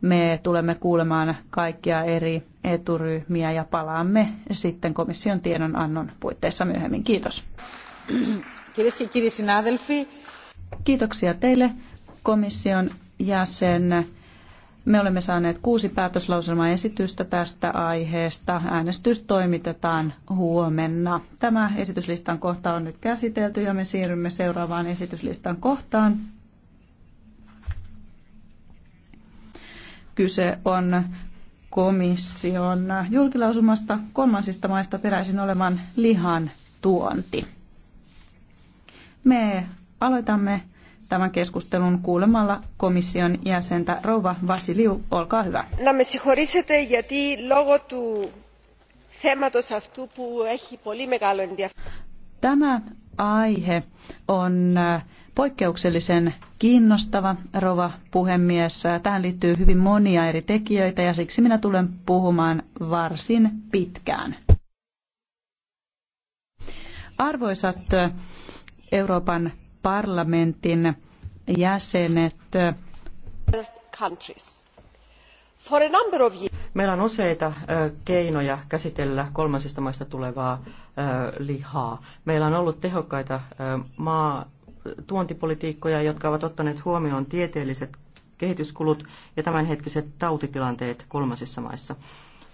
Me tulemme kuulemaan kaikkia eri eturyhmiä ja palaamme sitten komission tiedonannon puitteissa myöhemmin. Kiitos. Kiitoksia teille komission jäsen. Me olemme saaneet kuusi päätöslauselmaesitystä tästä aiheesta. Äänestys toimitetaan huomenna. Tämä esityslistan kohta on nyt käsitelty ja me siirrymme seuraavaan esityslistan kohtaan. Kyse on komission julkilausumasta kolmansista maista peräisin olevan lihan tuonti. Me aloitamme tämän keskustelun kuulemalla komission jäsentä Rouva Vasiliu, olkaa hyvä. Να με συγχωρήσετε γιατί λόγω του θέματος αυτού που έχει πολύ μεγάλο Tämä aihe on poikkeuksellisen kiinnostava, rova puhemies. Tähän liittyy hyvin monia eri tekijöitä ja siksi minä tulen puhumaan varsin pitkään. Arvoisat Euroopan parlamentin jäsenet, Meillä on useita keinoja käsitellä kolmansista maista tulevaa lihaa. Meillä on ollut tehokkaita maa tuontipolitiikkoja, jotka ovat ottaneet huomioon tieteelliset kehityskulut ja tämänhetkiset tautitilanteet kolmansissa maissa.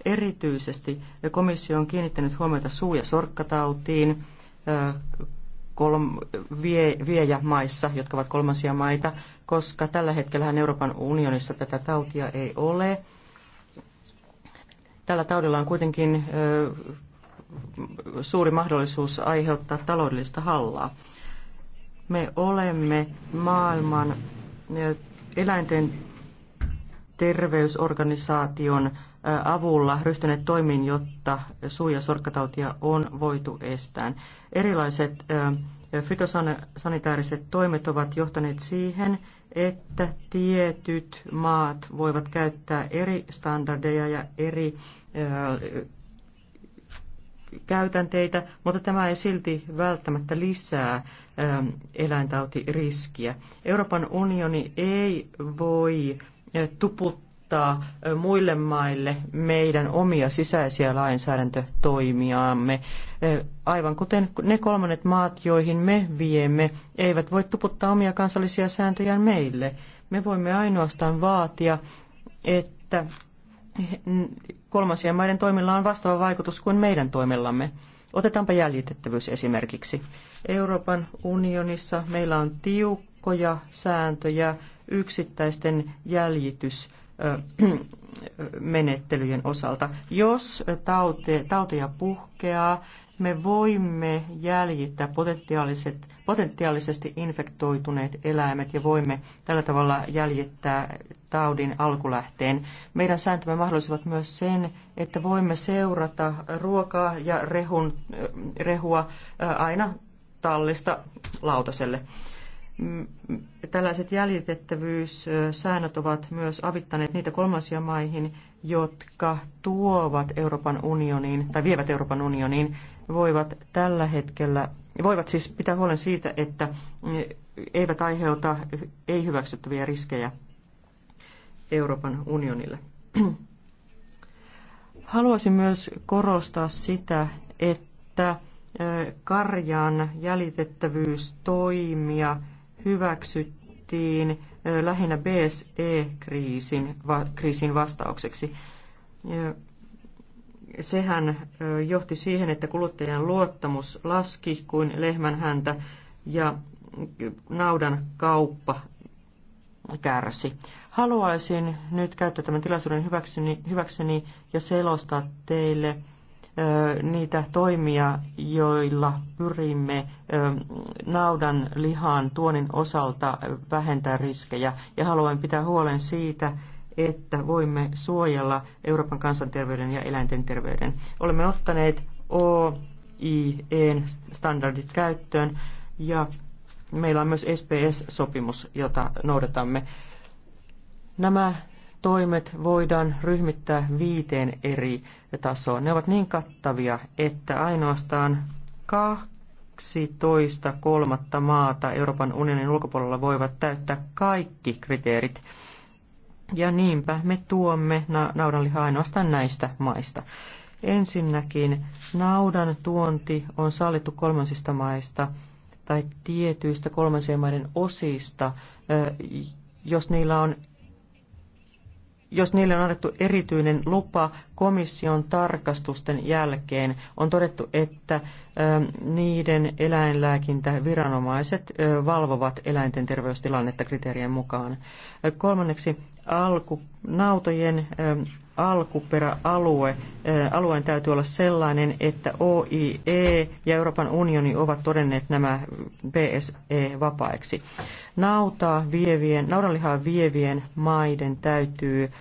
Erityisesti komissio on kiinnittänyt huomiota suu- ja sorkkatautiin kolm, vie, viejämaissa, jotka ovat kolmansia maita, koska tällä hetkellä Euroopan unionissa tätä tautia ei ole. Tällä taudilla on kuitenkin ö, suuri mahdollisuus aiheuttaa taloudellista hallaa me olemme maailman eläinten terveysorganisaation avulla ryhtyneet toimiin, jotta suu- ja sorkkatautia on voitu estää. Erilaiset fytosanitaariset toimet ovat johtaneet siihen, että tietyt maat voivat käyttää eri standardeja ja eri käytänteitä, mutta tämä ei silti välttämättä lisää ähm, eläintautiriskiä. Euroopan unioni ei voi äh, tuputtaa äh, muille maille meidän omia sisäisiä lainsäädäntötoimiaamme. Äh, aivan kuten ne kolmannet maat, joihin me viemme, eivät voi tuputtaa omia kansallisia sääntöjään meille. Me voimme ainoastaan vaatia, että kolmansien maiden toimilla on vastaava vaikutus kuin meidän toimillamme. Otetaanpa jäljitettävyys esimerkiksi. Euroopan unionissa meillä on tiukkoja sääntöjä yksittäisten jäljitys menettelyjen osalta. Jos tauteja puhkeaa, me voimme jäljittää potentiaaliset potentiaalisesti infektoituneet eläimet ja voimme tällä tavalla jäljittää taudin alkulähteen. Meidän sääntömme mahdollisivat myös sen, että voimme seurata ruokaa ja rehun, rehua aina tallista lautaselle. Mm, tällaiset jäljitettävyyssäännöt ovat myös avittaneet niitä kolmansia maihin, jotka tuovat Euroopan unioniin tai vievät Euroopan unioniin, voivat tällä hetkellä voivat siis pitää huolen siitä, että eivät aiheuta ei hyväksyttäviä riskejä Euroopan unionille. Haluaisin myös korostaa sitä, että karjan jäljitettävyystoimia hyväksyttiin lähinnä BSE-kriisin kriisin vastaukseksi sehän johti siihen, että kuluttajan luottamus laski kuin lehmän häntä ja naudan kauppa kärsi. Haluaisin nyt käyttää tämän tilaisuuden hyväkseni, hyväkseni ja selostaa teille ö, niitä toimia, joilla pyrimme ö, naudan lihan tuonin osalta vähentää riskejä. Ja haluan pitää huolen siitä, että voimme suojella Euroopan kansanterveyden ja eläinten terveyden. Olemme ottaneet OIE-standardit käyttöön ja meillä on myös SPS-sopimus, jota noudatamme. Nämä toimet voidaan ryhmittää viiteen eri tasoon. Ne ovat niin kattavia, että ainoastaan 12 kolmatta maata Euroopan unionin ulkopuolella voivat täyttää kaikki kriteerit – ja niinpä me tuomme na- naudanlihaa ainoastaan näistä maista. Ensinnäkin naudan tuonti on sallittu kolmansista maista tai tietyistä kolmansien maiden osista, jos niillä on jos niille on annettu erityinen lupa komission tarkastusten jälkeen, on todettu, että niiden eläinlääkintäviranomaiset valvovat eläinten terveystilannetta kriteerien mukaan. Kolmanneksi alku, nautojen alkuperäalue, alueen täytyy olla sellainen, että OIE ja Euroopan unioni ovat todenneet nämä BSE-vapaiksi. Nautaa vievien, naudanlihaa vievien maiden täytyy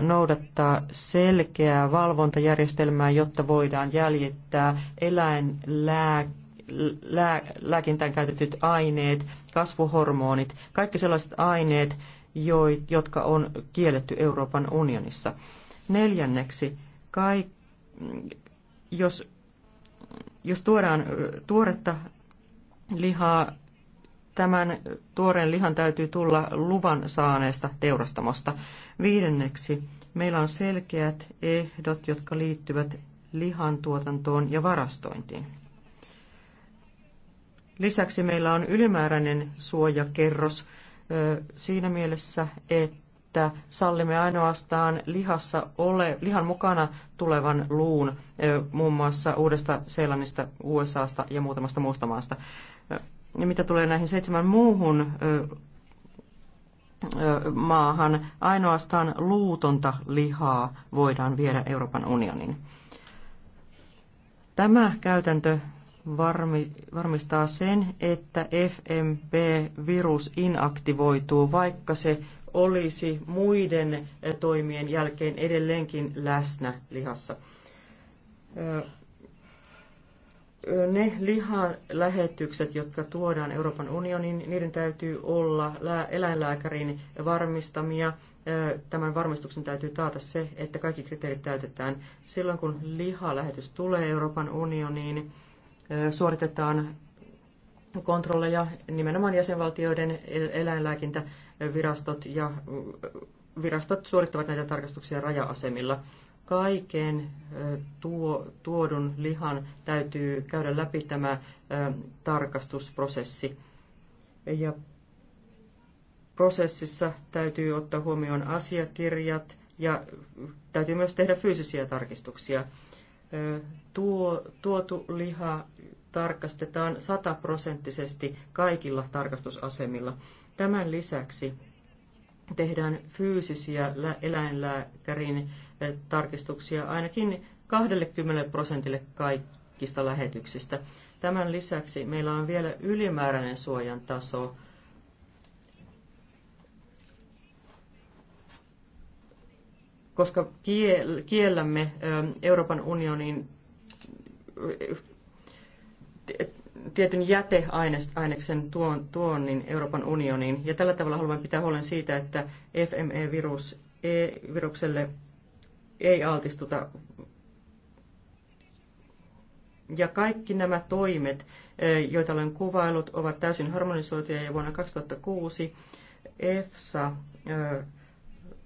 noudattaa selkeää valvontajärjestelmää, jotta voidaan jäljittää eläin lää, lää, lääkintään käytetyt aineet, kasvuhormonit, kaikki sellaiset aineet, jo, jotka on kielletty Euroopan unionissa. Neljänneksi, kaik, jos, jos tuodaan tuoretta lihaa, tämän tuoreen lihan täytyy tulla luvan saaneesta teurastamosta. Viidenneksi, meillä on selkeät ehdot, jotka liittyvät lihan tuotantoon ja varastointiin. Lisäksi meillä on ylimääräinen suojakerros siinä mielessä, että sallimme ainoastaan lihassa ole, lihan mukana tulevan luun, muun muassa Uudesta Seelannista, USAsta ja muutamasta muusta maasta. Ja mitä tulee näihin seitsemän muuhun maahan, ainoastaan luutonta lihaa voidaan viedä Euroopan unionin. Tämä käytäntö varmi, varmistaa sen, että FMP-virus inaktivoituu, vaikka se olisi muiden eh, toimien jälkeen edelleenkin läsnä lihassa. Eh, eh, ne lihalähetykset, jotka tuodaan Euroopan unioniin, niiden täytyy olla eläinlääkärin varmistamia. Tämän varmistuksen täytyy taata se, että kaikki kriteerit täytetään. Silloin kun lihalähetys tulee Euroopan unioniin, suoritetaan kontrolleja nimenomaan jäsenvaltioiden eläinlääkintävirastot ja virastot suorittavat näitä tarkastuksia raja-asemilla. Kaiken tuo, tuodun lihan täytyy käydä läpi tämä tarkastusprosessi. Ja prosessissa täytyy ottaa huomioon asiakirjat ja täytyy myös tehdä fyysisiä tarkistuksia tuo, tuotu liha tarkastetaan sataprosenttisesti kaikilla tarkastusasemilla. Tämän lisäksi tehdään fyysisiä eläinlääkärin tarkistuksia ainakin 20 prosentille kaikista lähetyksistä. Tämän lisäksi meillä on vielä ylimääräinen suojan taso koska kiellämme Euroopan unionin tietyn jäteaineksen tuonnin Euroopan unioniin. Ja tällä tavalla haluan pitää huolen siitä, että FME-virus E-virukselle ei altistuta. Ja kaikki nämä toimet, joita olen kuvailut, ovat täysin harmonisoituja ja vuonna 2006 EFSA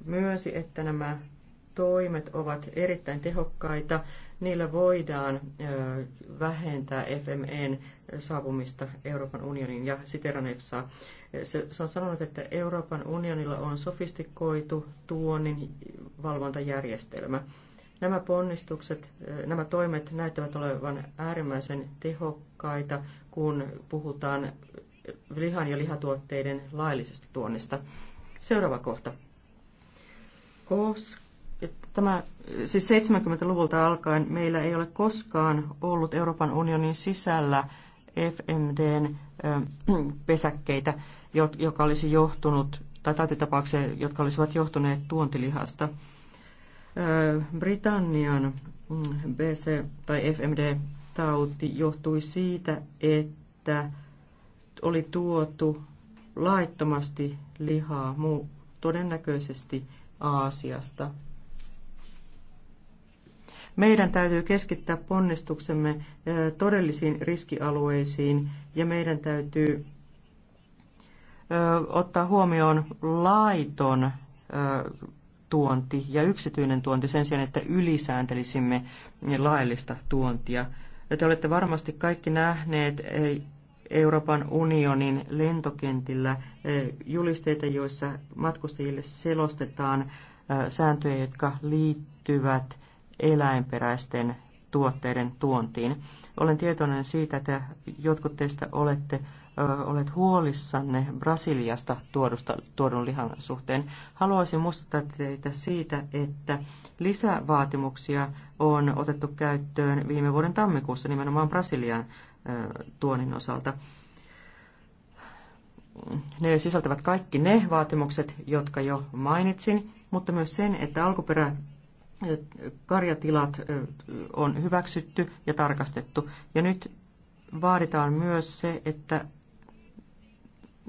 myönsi, että nämä toimet ovat erittäin tehokkaita. Niillä voidaan vähentää FMEn saapumista Euroopan unionin ja siteran EFSA. Se, on sanonut, että Euroopan unionilla on sofistikoitu tuonnin valvontajärjestelmä. Nämä ponnistukset, nämä toimet näyttävät olevan äärimmäisen tehokkaita, kun puhutaan lihan ja lihatuotteiden laillisesta tuonnista. Seuraava kohta. Koska Tämä, siis 70-luvulta alkaen meillä ei ole koskaan ollut Euroopan unionin sisällä FMDn pesäkkeitä, joka olisi johtunut, tai tautitapauksia, jotka olisivat johtuneet tuontilihasta. Britannian mm, BC tai FMD-tauti johtui siitä, että oli tuotu laittomasti lihaa muu, todennäköisesti Aasiasta. Meidän täytyy keskittää ponnistuksemme todellisiin riskialueisiin ja meidän täytyy ottaa huomioon laiton tuonti ja yksityinen tuonti sen sijaan, että ylisääntelisimme laillista tuontia. Ja te olette varmasti kaikki nähneet Euroopan unionin lentokentillä julisteita, joissa matkustajille selostetaan sääntöjä, jotka liittyvät eläinperäisten tuotteiden tuontiin. Olen tietoinen siitä, että jotkut teistä olette ö, olet huolissanne Brasiliasta tuodusta, tuodun lihan suhteen. Haluaisin muistuttaa teitä siitä, että lisävaatimuksia on otettu käyttöön viime vuoden tammikuussa nimenomaan Brasilian ö, tuonin osalta. Ne sisältävät kaikki ne vaatimukset, jotka jo mainitsin, mutta myös sen, että alkuperä karjatilat on hyväksytty ja tarkastettu. Ja nyt vaaditaan myös se, että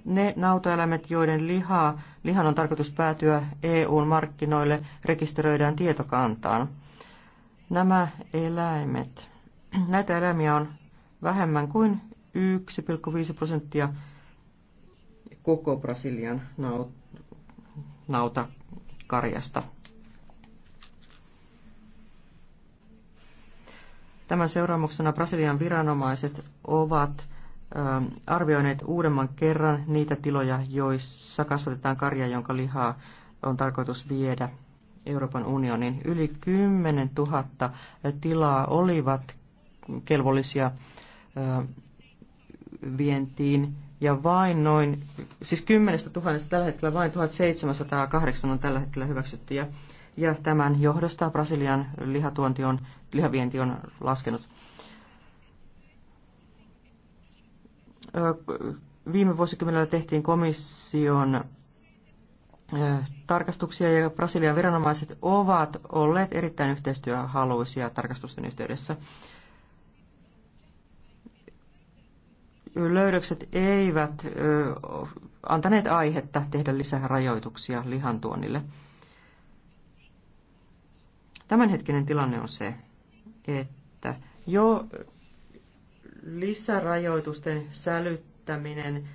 ne nautoeläimet, joiden lihaa, lihan on tarkoitus päätyä eu markkinoille, rekisteröidään tietokantaan. Nämä eläimet, näitä eläimiä on vähemmän kuin 1,5 prosenttia koko Brasilian nautakarjasta. Tämän seuraamuksena Brasilian viranomaiset ovat ähm, arvioineet uudemman kerran niitä tiloja, joissa kasvatetaan karjaa, jonka lihaa on tarkoitus viedä Euroopan unionin. Yli 10 000 tilaa olivat kelvollisia ähm, vientiin ja vain noin, siis 10 000 tällä hetkellä vain 1708 on tällä hetkellä hyväksyttyjä ja tämän johdosta Brasilian lihatuonti on, lihavienti on laskenut. Viime vuosikymmenellä tehtiin komission tarkastuksia ja Brasilian viranomaiset ovat olleet erittäin yhteistyöhaluisia tarkastusten yhteydessä. löydökset eivät antaneet aihetta tehdä lisää rajoituksia lihantuonnille. Tämänhetkinen tilanne on se, että jo lisärajoitusten sälyttäminen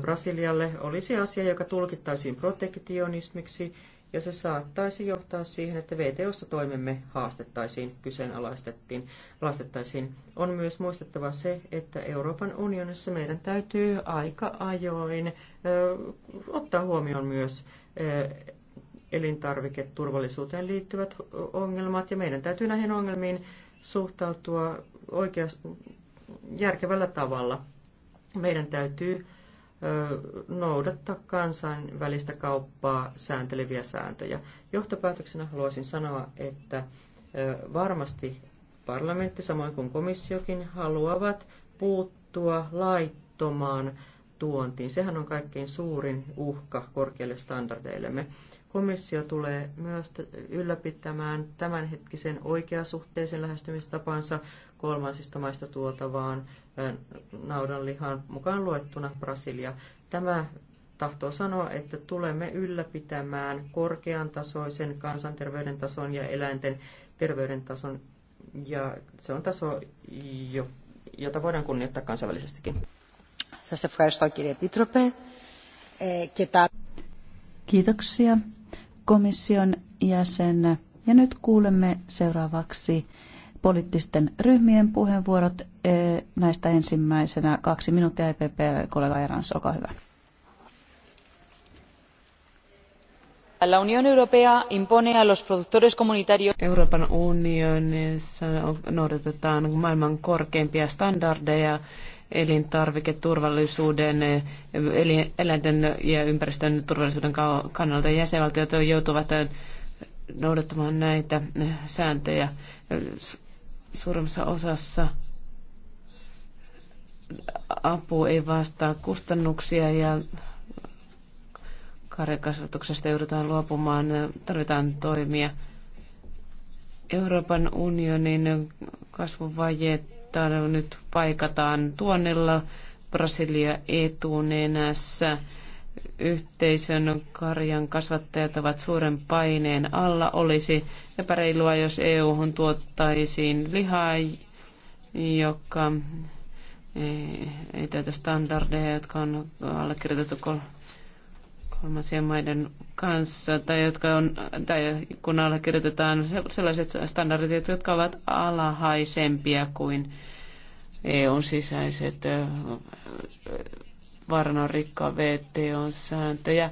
Brasilialle olisi asia, joka tulkittaisiin protektionismiksi, ja se saattaisi johtaa siihen, että VTOssa toimemme haastettaisiin, kyseenalaistettiin, lastettaisiin. On myös muistettava se, että Euroopan unionissa meidän täytyy aika ajoin ö, ottaa huomioon myös ö, elintarviketurvallisuuteen liittyvät ongelmat, ja meidän täytyy näihin ongelmiin suhtautua oikeas, järkevällä tavalla. Meidän täytyy noudattaa kansainvälistä kauppaa säänteleviä sääntöjä. Johtopäätöksenä haluaisin sanoa, että varmasti parlamentti, samoin kuin komissiokin, haluavat puuttua laittomaan tuontiin. Sehän on kaikkein suurin uhka korkeille standardeillemme. Komissio tulee myös ylläpitämään tämänhetkisen oikeasuhteisen lähestymistapansa kolmansista maista tuotavaan naudanlihaan mukaan luettuna Brasilia. Tämä tahtoo sanoa, että tulemme ylläpitämään korkean tasoisen kansanterveyden tason ja eläinten terveyden tason, ja se on taso, jota voidaan kunnioittaa kansainvälisestikin. Eh, Kiitoksia komission jäsen. Ja nyt kuulemme seuraavaksi poliittisten ryhmien puheenvuorot. E, näistä ensimmäisenä kaksi minuuttia EPP, kollega Erans, olkaa hyvä. La Unión Europea impone a los productores comunitarios. Euroopan unionissa noudatetaan maailman korkeimpia standardeja elintarviketurvallisuuden, eläinten ja ympäristön turvallisuuden kannalta. Jäsenvaltiot joutuvat noudattamaan näitä sääntöjä suuremmassa osassa apu ei vastaa kustannuksia ja karjakasvatuksesta joudutaan luopumaan. Tarvitaan toimia. Euroopan unionin kasvuvajeet nyt paikataan tuonnella Brasilia etunenässä. Yhteisön karjan kasvattajat ovat suuren paineen alla. Olisi epäreilua, jos EU-hun tuottaisiin lihaa, joka eh, ei täytä standardeja, jotka on allekirjoitettu kolmansien maiden kanssa, tai, jotka on, tai kun allekirjoitetaan sellaiset standardit, jotka ovat alhaisempia kuin EUn sisäiset varnonrikka VTOn sääntöjä.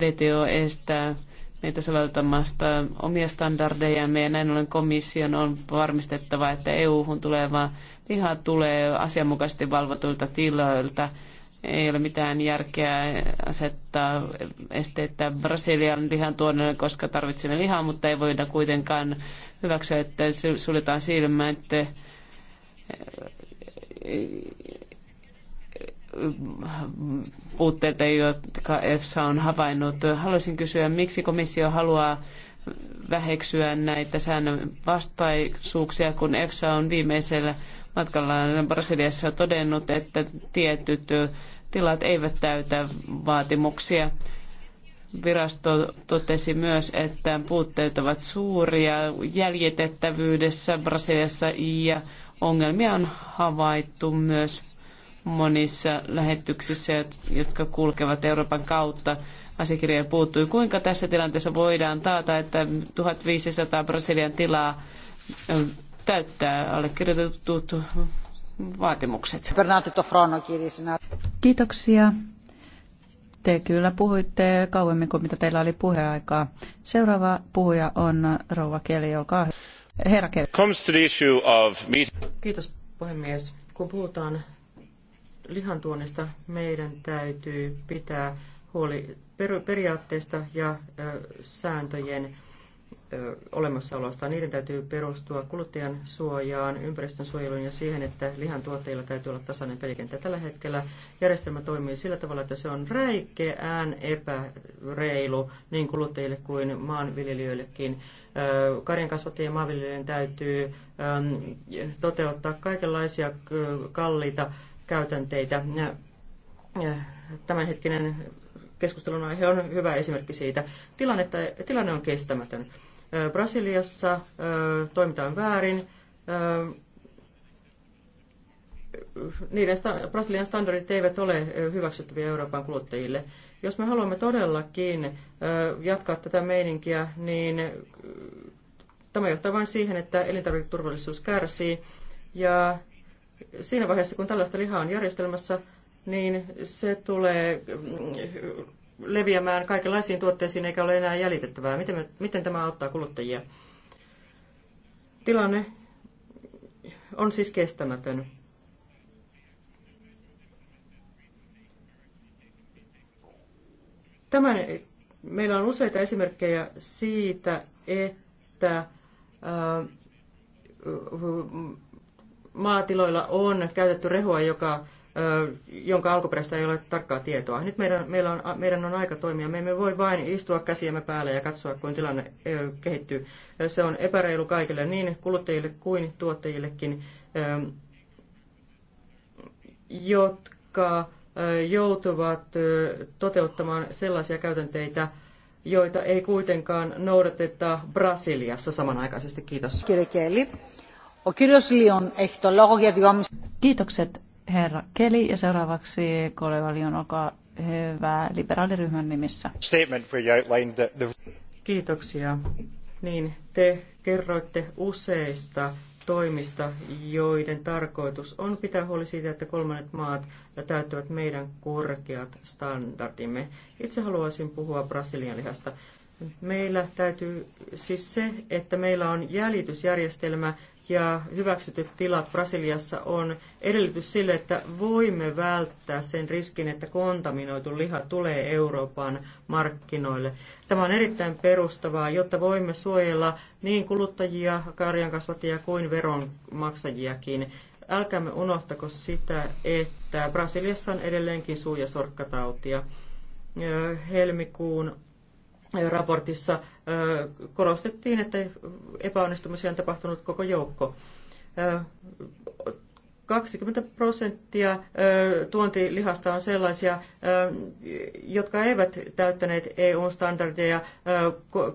VTO estää meitä soveltamasta omia standardeja ja näin ollen komission on varmistettava, että EU-hun tuleva liha tulee asianmukaisesti valvotuilta tiloilta – ei ole mitään järkeä asettaa esteitä Brasilian lihan tuonne, koska tarvitsemme lihaa, mutta ei voida kuitenkaan hyväksyä, että suljetaan silmä, että eh, puutteita, jotka EFSA on havainnut. Haluaisin kysyä, miksi komissio haluaa väheksyä näitä säännön vastaisuuksia, kun EFSA on viimeisellä matkallaan Brasiliassa todennut, että tietyt tilat eivät täytä vaatimuksia. Virasto totesi myös, että puutteet ovat suuria jäljitettävyydessä Brasiliassa ja ongelmia on havaittu myös monissa lähetyksissä, jotka kulkevat Euroopan kautta. Asiakirja puuttui. Kuinka tässä tilanteessa voidaan taata, että 1500 Brasilian tilaa täyttää allekirjoitetut vaatimukset? Kiitoksia. Te kyllä puhuitte kauemmin kuin mitä teillä oli puheaikaa. Seuraava puhuja on rouva Keli, olkaa hyvä. Herra Keli. Kiitos puhemies. Kun puhutaan lihantuonnista, meidän täytyy pitää huoli periaatteista ja sääntöjen olemassaolosta. Niin niiden täytyy perustua kuluttajan suojaan, ympäristön suojeluun ja siihen, että lihan tuotteilla täytyy olla tasainen pelikenttä. Tällä hetkellä järjestelmä toimii sillä tavalla, että se on räikeään epäreilu niin kuluttajille kuin maanviljelijöillekin. Karjan kasvattajien maanviljelijöiden täytyy toteuttaa kaikenlaisia kalliita käytänteitä. Tämänhetkinen keskustelun aihe on hyvä esimerkki siitä. Tilannetta, tilanne on kestämätön. Brasiliassa toimitaan väärin. Niiden Brasilian standardit eivät ole hyväksyttäviä Euroopan kuluttajille. Jos me haluamme todellakin jatkaa tätä meininkiä, niin tämä johtaa vain siihen, että elintarviketurvallisuus kärsii. Ja siinä vaiheessa, kun tällaista lihaa on järjestelmässä, niin se tulee mm, leviämään kaikenlaisiin tuotteisiin eikä ole enää jäljitettävää. Miten, me, miten tämä auttaa kuluttajia? Tilanne on siis kestämätön. Tämän, meillä on useita esimerkkejä siitä, että ää, äh, maatiloilla on käytetty rehua, joka jonka alkuperäistä ei ole tarkkaa tietoa. Nyt meidän, meillä on, meidän on aika toimia. Me emme voi vain istua käsiämme päällä ja katsoa, kuin tilanne kehittyy. Se on epäreilu kaikille, niin kuluttajille kuin tuottajillekin, jotka joutuvat toteuttamaan sellaisia käytänteitä, joita ei kuitenkaan noudateta Brasiliassa samanaikaisesti. Kiitos. Kiitokset herra Keli ja seuraavaksi kollega olkaa hyvä liberaaliryhmän nimissä. Statement the... Kiitoksia. Niin, te kerroitte useista toimista, joiden tarkoitus on pitää huoli siitä, että kolmannet maat täyttävät meidän korkeat standardimme. Itse haluaisin puhua brasilian lihasta. Meillä täytyy siis se, että meillä on jäljitysjärjestelmä, ja hyväksytyt tilat Brasiliassa on edellytys sille, että voimme välttää sen riskin, että kontaminoitu liha tulee Euroopan markkinoille. Tämä on erittäin perustavaa, jotta voimme suojella niin kuluttajia, karjankasvattajia kuin veronmaksajiakin. Älkäämme unohtako sitä, että Brasiliassa on edelleenkin suu- ja sorkkatautia. Helmikuun raportissa korostettiin, että epäonnistumisia on tapahtunut koko joukko. 20 prosenttia tuontilihasta on sellaisia, jotka eivät täyttäneet EU-standardeja.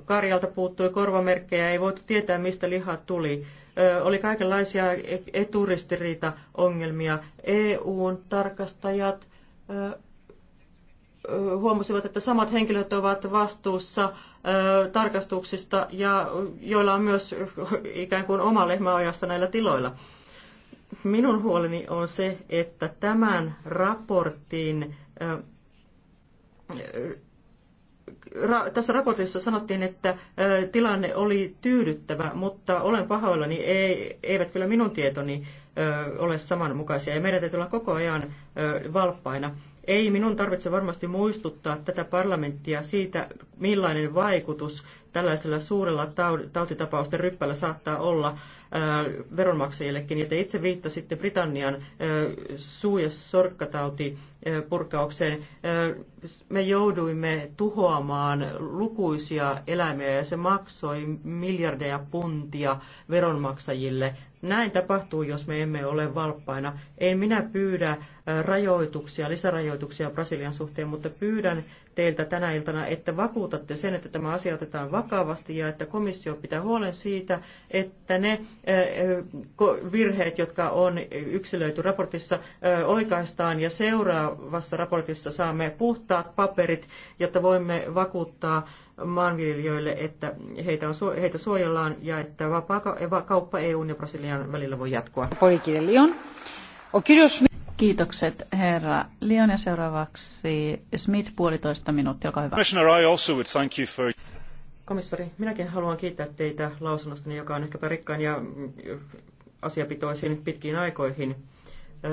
Karjalta puuttui korvamerkkejä, ei voitu tietää, mistä liha tuli. Oli kaikenlaisia e-, eturistiriitaongelmia. eu tarkastajat huomasivat, että samat henkilöt ovat vastuussa tarkastuksista ja joilla on myös ikään kuin oma lehmä ajassa näillä tiloilla. Minun huoleni on se, että tämän raportin tässä raportissa sanottiin, että tilanne oli tyydyttävä, mutta olen pahoillani, ei, eivät kyllä minun tietoni ole samanmukaisia ja meidän täytyy olla koko ajan valppaina. Ei minun tarvitse varmasti muistuttaa tätä parlamenttia siitä, millainen vaikutus tällaisella suurella tautitapausten ryppällä saattaa olla äh, veronmaksajillekin. Ja te itse viittasitte Britannian äh, suu- ja sorkkatauti purkaukseen. Me jouduimme tuhoamaan lukuisia eläimiä ja se maksoi miljardeja puntia veronmaksajille. Näin tapahtuu, jos me emme ole valppaina. En minä pyydä rajoituksia, lisärajoituksia Brasilian suhteen, mutta pyydän teiltä tänä iltana, että vakuutatte sen, että tämä asia otetaan vakavasti ja että komissio pitää huolen siitä, että ne virheet, jotka on yksilöity raportissa, oikaistaan ja seuraa seuraavassa raportissa saamme puhtaat paperit, jotta voimme vakuuttaa maanviljelijöille, että heitä, on, heitä suojellaan ja että vapaa kauppa EUn ja Brasilian välillä voi jatkua. Kiitokset herra Lion ja seuraavaksi Smith puolitoista minuuttia, olkaa hyvä. Komissari, minäkin haluan kiittää teitä lausunnosta, joka on ehkäpä rikkain ja asiapitoisin pitkiin aikoihin.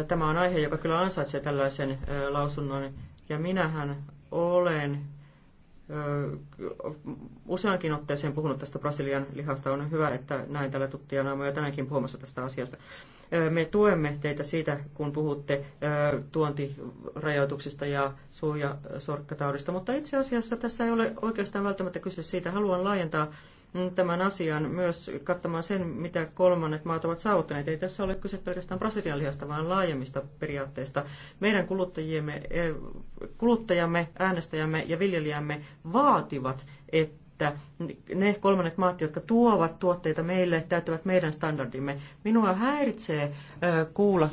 Tämä on aihe, joka kyllä ansaitsee tällaisen lausunnon. Ja minähän olen useankin otteeseen puhunut tästä Brasilian lihasta. On hyvä, että näin tällä tuttia naamoja tänäänkin puhumassa tästä asiasta. Me tuemme teitä siitä, kun puhutte tuontirajoituksista ja suojasorkkataudista, mutta itse asiassa tässä ei ole oikeastaan välttämättä kyse siitä. Haluan laajentaa tämän asian myös katsomaan sen, mitä kolmannet maat ovat saavuttaneet. Ei tässä ole kyse pelkästään Brasilian lihasta, vaan laajemmista periaatteista. Meidän kuluttajiemme, eh, kuluttajamme, äänestäjämme ja viljelijämme vaativat, että että ne kolmannet maat, jotka tuovat tuotteita meille, täyttävät meidän standardimme. Minua häiritsee eh, kuulla,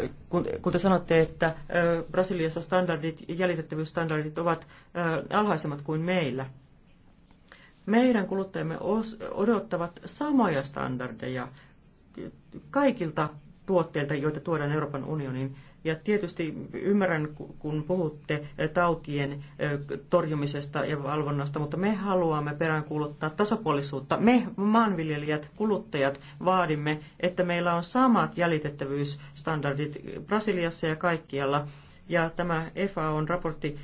eh, kun, te sanotte, että Brasiliassa standardit, jäljitettävyysstandardit ovat alhaisemmat kuin meillä. Meidän kuluttajamme odottavat samoja standardeja kaikilta tuotteilta, joita tuodaan Euroopan unioniin. Ja tietysti ymmärrän, kun puhutte tautien torjumisesta ja valvonnasta, mutta me haluamme peräänkuuluttaa tasapuolisuutta. Me maanviljelijät, kuluttajat vaadimme, että meillä on samat jäljitettävyysstandardit Brasiliassa ja kaikkialla ja tämä e FAOn raportti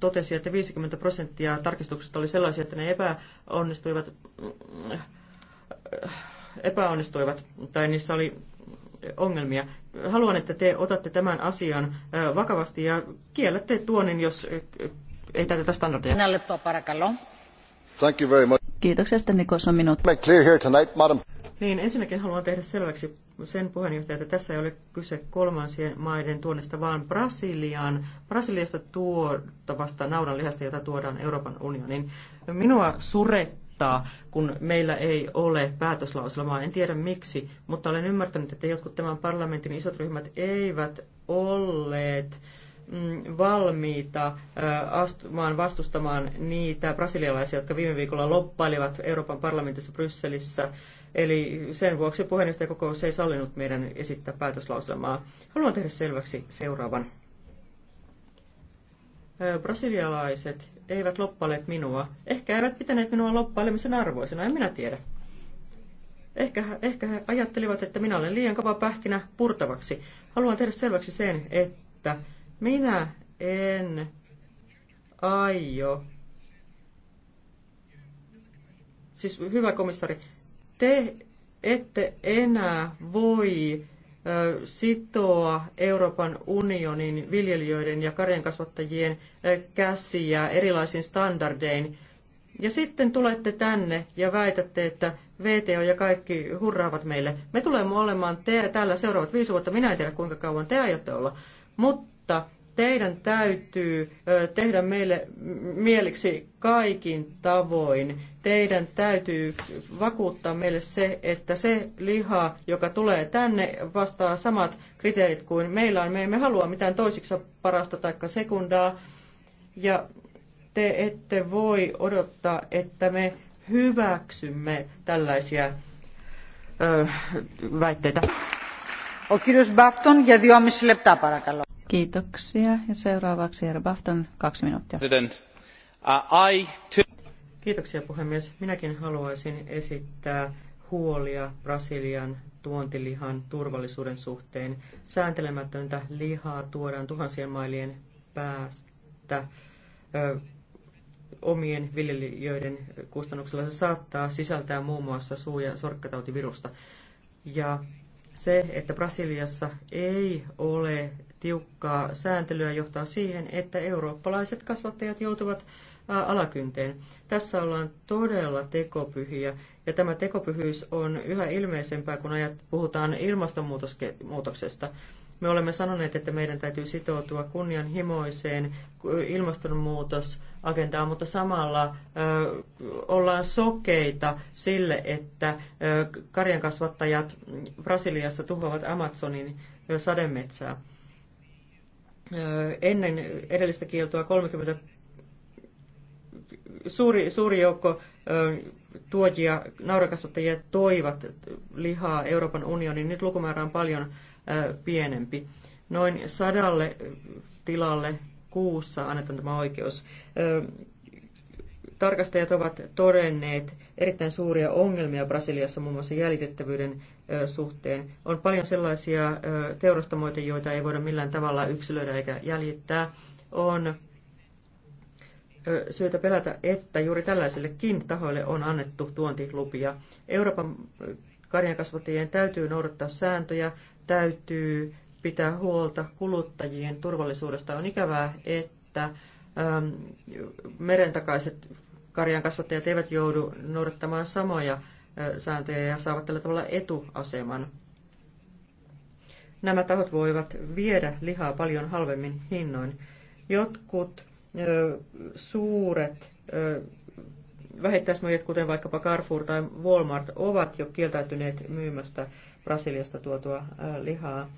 totesi, että 50 prosenttia tarkistuksista oli sellaisia, että ne epäonnistuivat, epäonnistuivat tai niissä oli ongelmia. Haluan, että te otatte tämän asian vakavasti ja kiellätte tuonin, jos ei täytetä standardeja. Thank you very much. Nikos on minuutti. Niin, ensinnäkin haluan tehdä selväksi sen puheenjohtaja, että tässä ei ole kyse kolmansien maiden tuonnesta, vaan Brasilian, Brasiliasta tuottavasta naudanlihasta, jota tuodaan Euroopan unionin. Minua surettaa, kun meillä ei ole päätöslauselmaa. En tiedä miksi, mutta olen ymmärtänyt, että jotkut tämän parlamentin isot ryhmät eivät olleet mm, valmiita astumaan vastustamaan niitä brasilialaisia, jotka viime viikolla loppailivat Euroopan parlamentissa Brysselissä Eli sen vuoksi puheenjohtajakokous ei sallinut meidän esittää päätöslauselmaa. Haluan tehdä selväksi seuraavan. Brasilialaiset eivät loppaleet minua. Ehkä eivät pitäneet minua loppailemisen arvoisena, en minä tiedä. Ehkä, ehkä he ajattelivat, että minä olen liian kova pähkinä purtavaksi. Haluan tehdä selväksi sen, että minä en aio. Siis hyvä komissari, te ette enää voi sitoa Euroopan unionin viljelijöiden ja karjankasvattajien käsiä erilaisiin standardein. Ja sitten tulette tänne ja väitätte, että VTO ja kaikki hurraavat meille. Me tulemme olemaan te täällä seuraavat viisi vuotta, minä en tiedä kuinka kauan te aiotte olla. Mutta Teidän täytyy tehdä meille mieliksi kaikin tavoin. Teidän täytyy vakuuttaa meille se, että se liha, joka tulee tänne, vastaa samat kriteerit kuin meillä on. Me emme halua mitään toisiksi parasta tai sekundaa. Ja te ette voi odottaa, että me hyväksymme tällaisia ö, väitteitä. Ο κύριος Μπάφτον για δυόμιση λεπτά παρακαλώ. Kiitoksia. Ja seuraavaksi Herra Bafton, kaksi minuuttia. Uh, Kiitoksia puhemies. Minäkin haluaisin esittää huolia Brasilian tuontilihan turvallisuuden suhteen. Sääntelemätöntä lihaa tuodaan tuhansien mailien päästä ö, omien viljelijöiden kustannuksella. Se saattaa sisältää muun muassa suu- ja sorkkatautivirusta. Ja se, että Brasiliassa ei ole tiukkaa sääntelyä johtaa siihen, että eurooppalaiset kasvattajat joutuvat alakynteen. Tässä ollaan todella tekopyhiä, ja tämä tekopyhyys on yhä ilmeisempää, kun ajat, puhutaan ilmastonmuutoksesta. Me olemme sanoneet, että meidän täytyy sitoutua kunnianhimoiseen ilmastonmuutosagendaan, mutta samalla ö, ollaan sokeita sille, että karjankasvattajat Brasiliassa tuhoavat Amazonin sademetsää ennen edellistä kieltoa 30 suuri, suuri joukko tuojia, naurakasvattajia toivat lihaa Euroopan unioniin. Nyt lukumäärä on paljon pienempi. Noin sadalle tilalle kuussa annetaan tämä oikeus tarkastajat ovat todenneet erittäin suuria ongelmia Brasiliassa muun muassa jäljitettävyyden suhteen. On paljon sellaisia teurastamoita, joita ei voida millään tavalla yksilöidä eikä jäljittää. On syytä pelätä, että juuri tällaisillekin tahoille on annettu tuontilupia. Euroopan karjankasvattajien täytyy noudattaa sääntöjä, täytyy pitää huolta kuluttajien turvallisuudesta. On ikävää, että merentakaiset karjan kasvattajat eivät joudu noudattamaan samoja sääntöjä ja saavat tällä tavalla etuaseman. Nämä tahot voivat viedä lihaa paljon halvemmin hinnoin. Jotkut suuret vähittäismyyjät, kuten vaikkapa Carrefour tai Walmart, ovat jo kieltäytyneet myymästä Brasiliasta tuotua lihaa.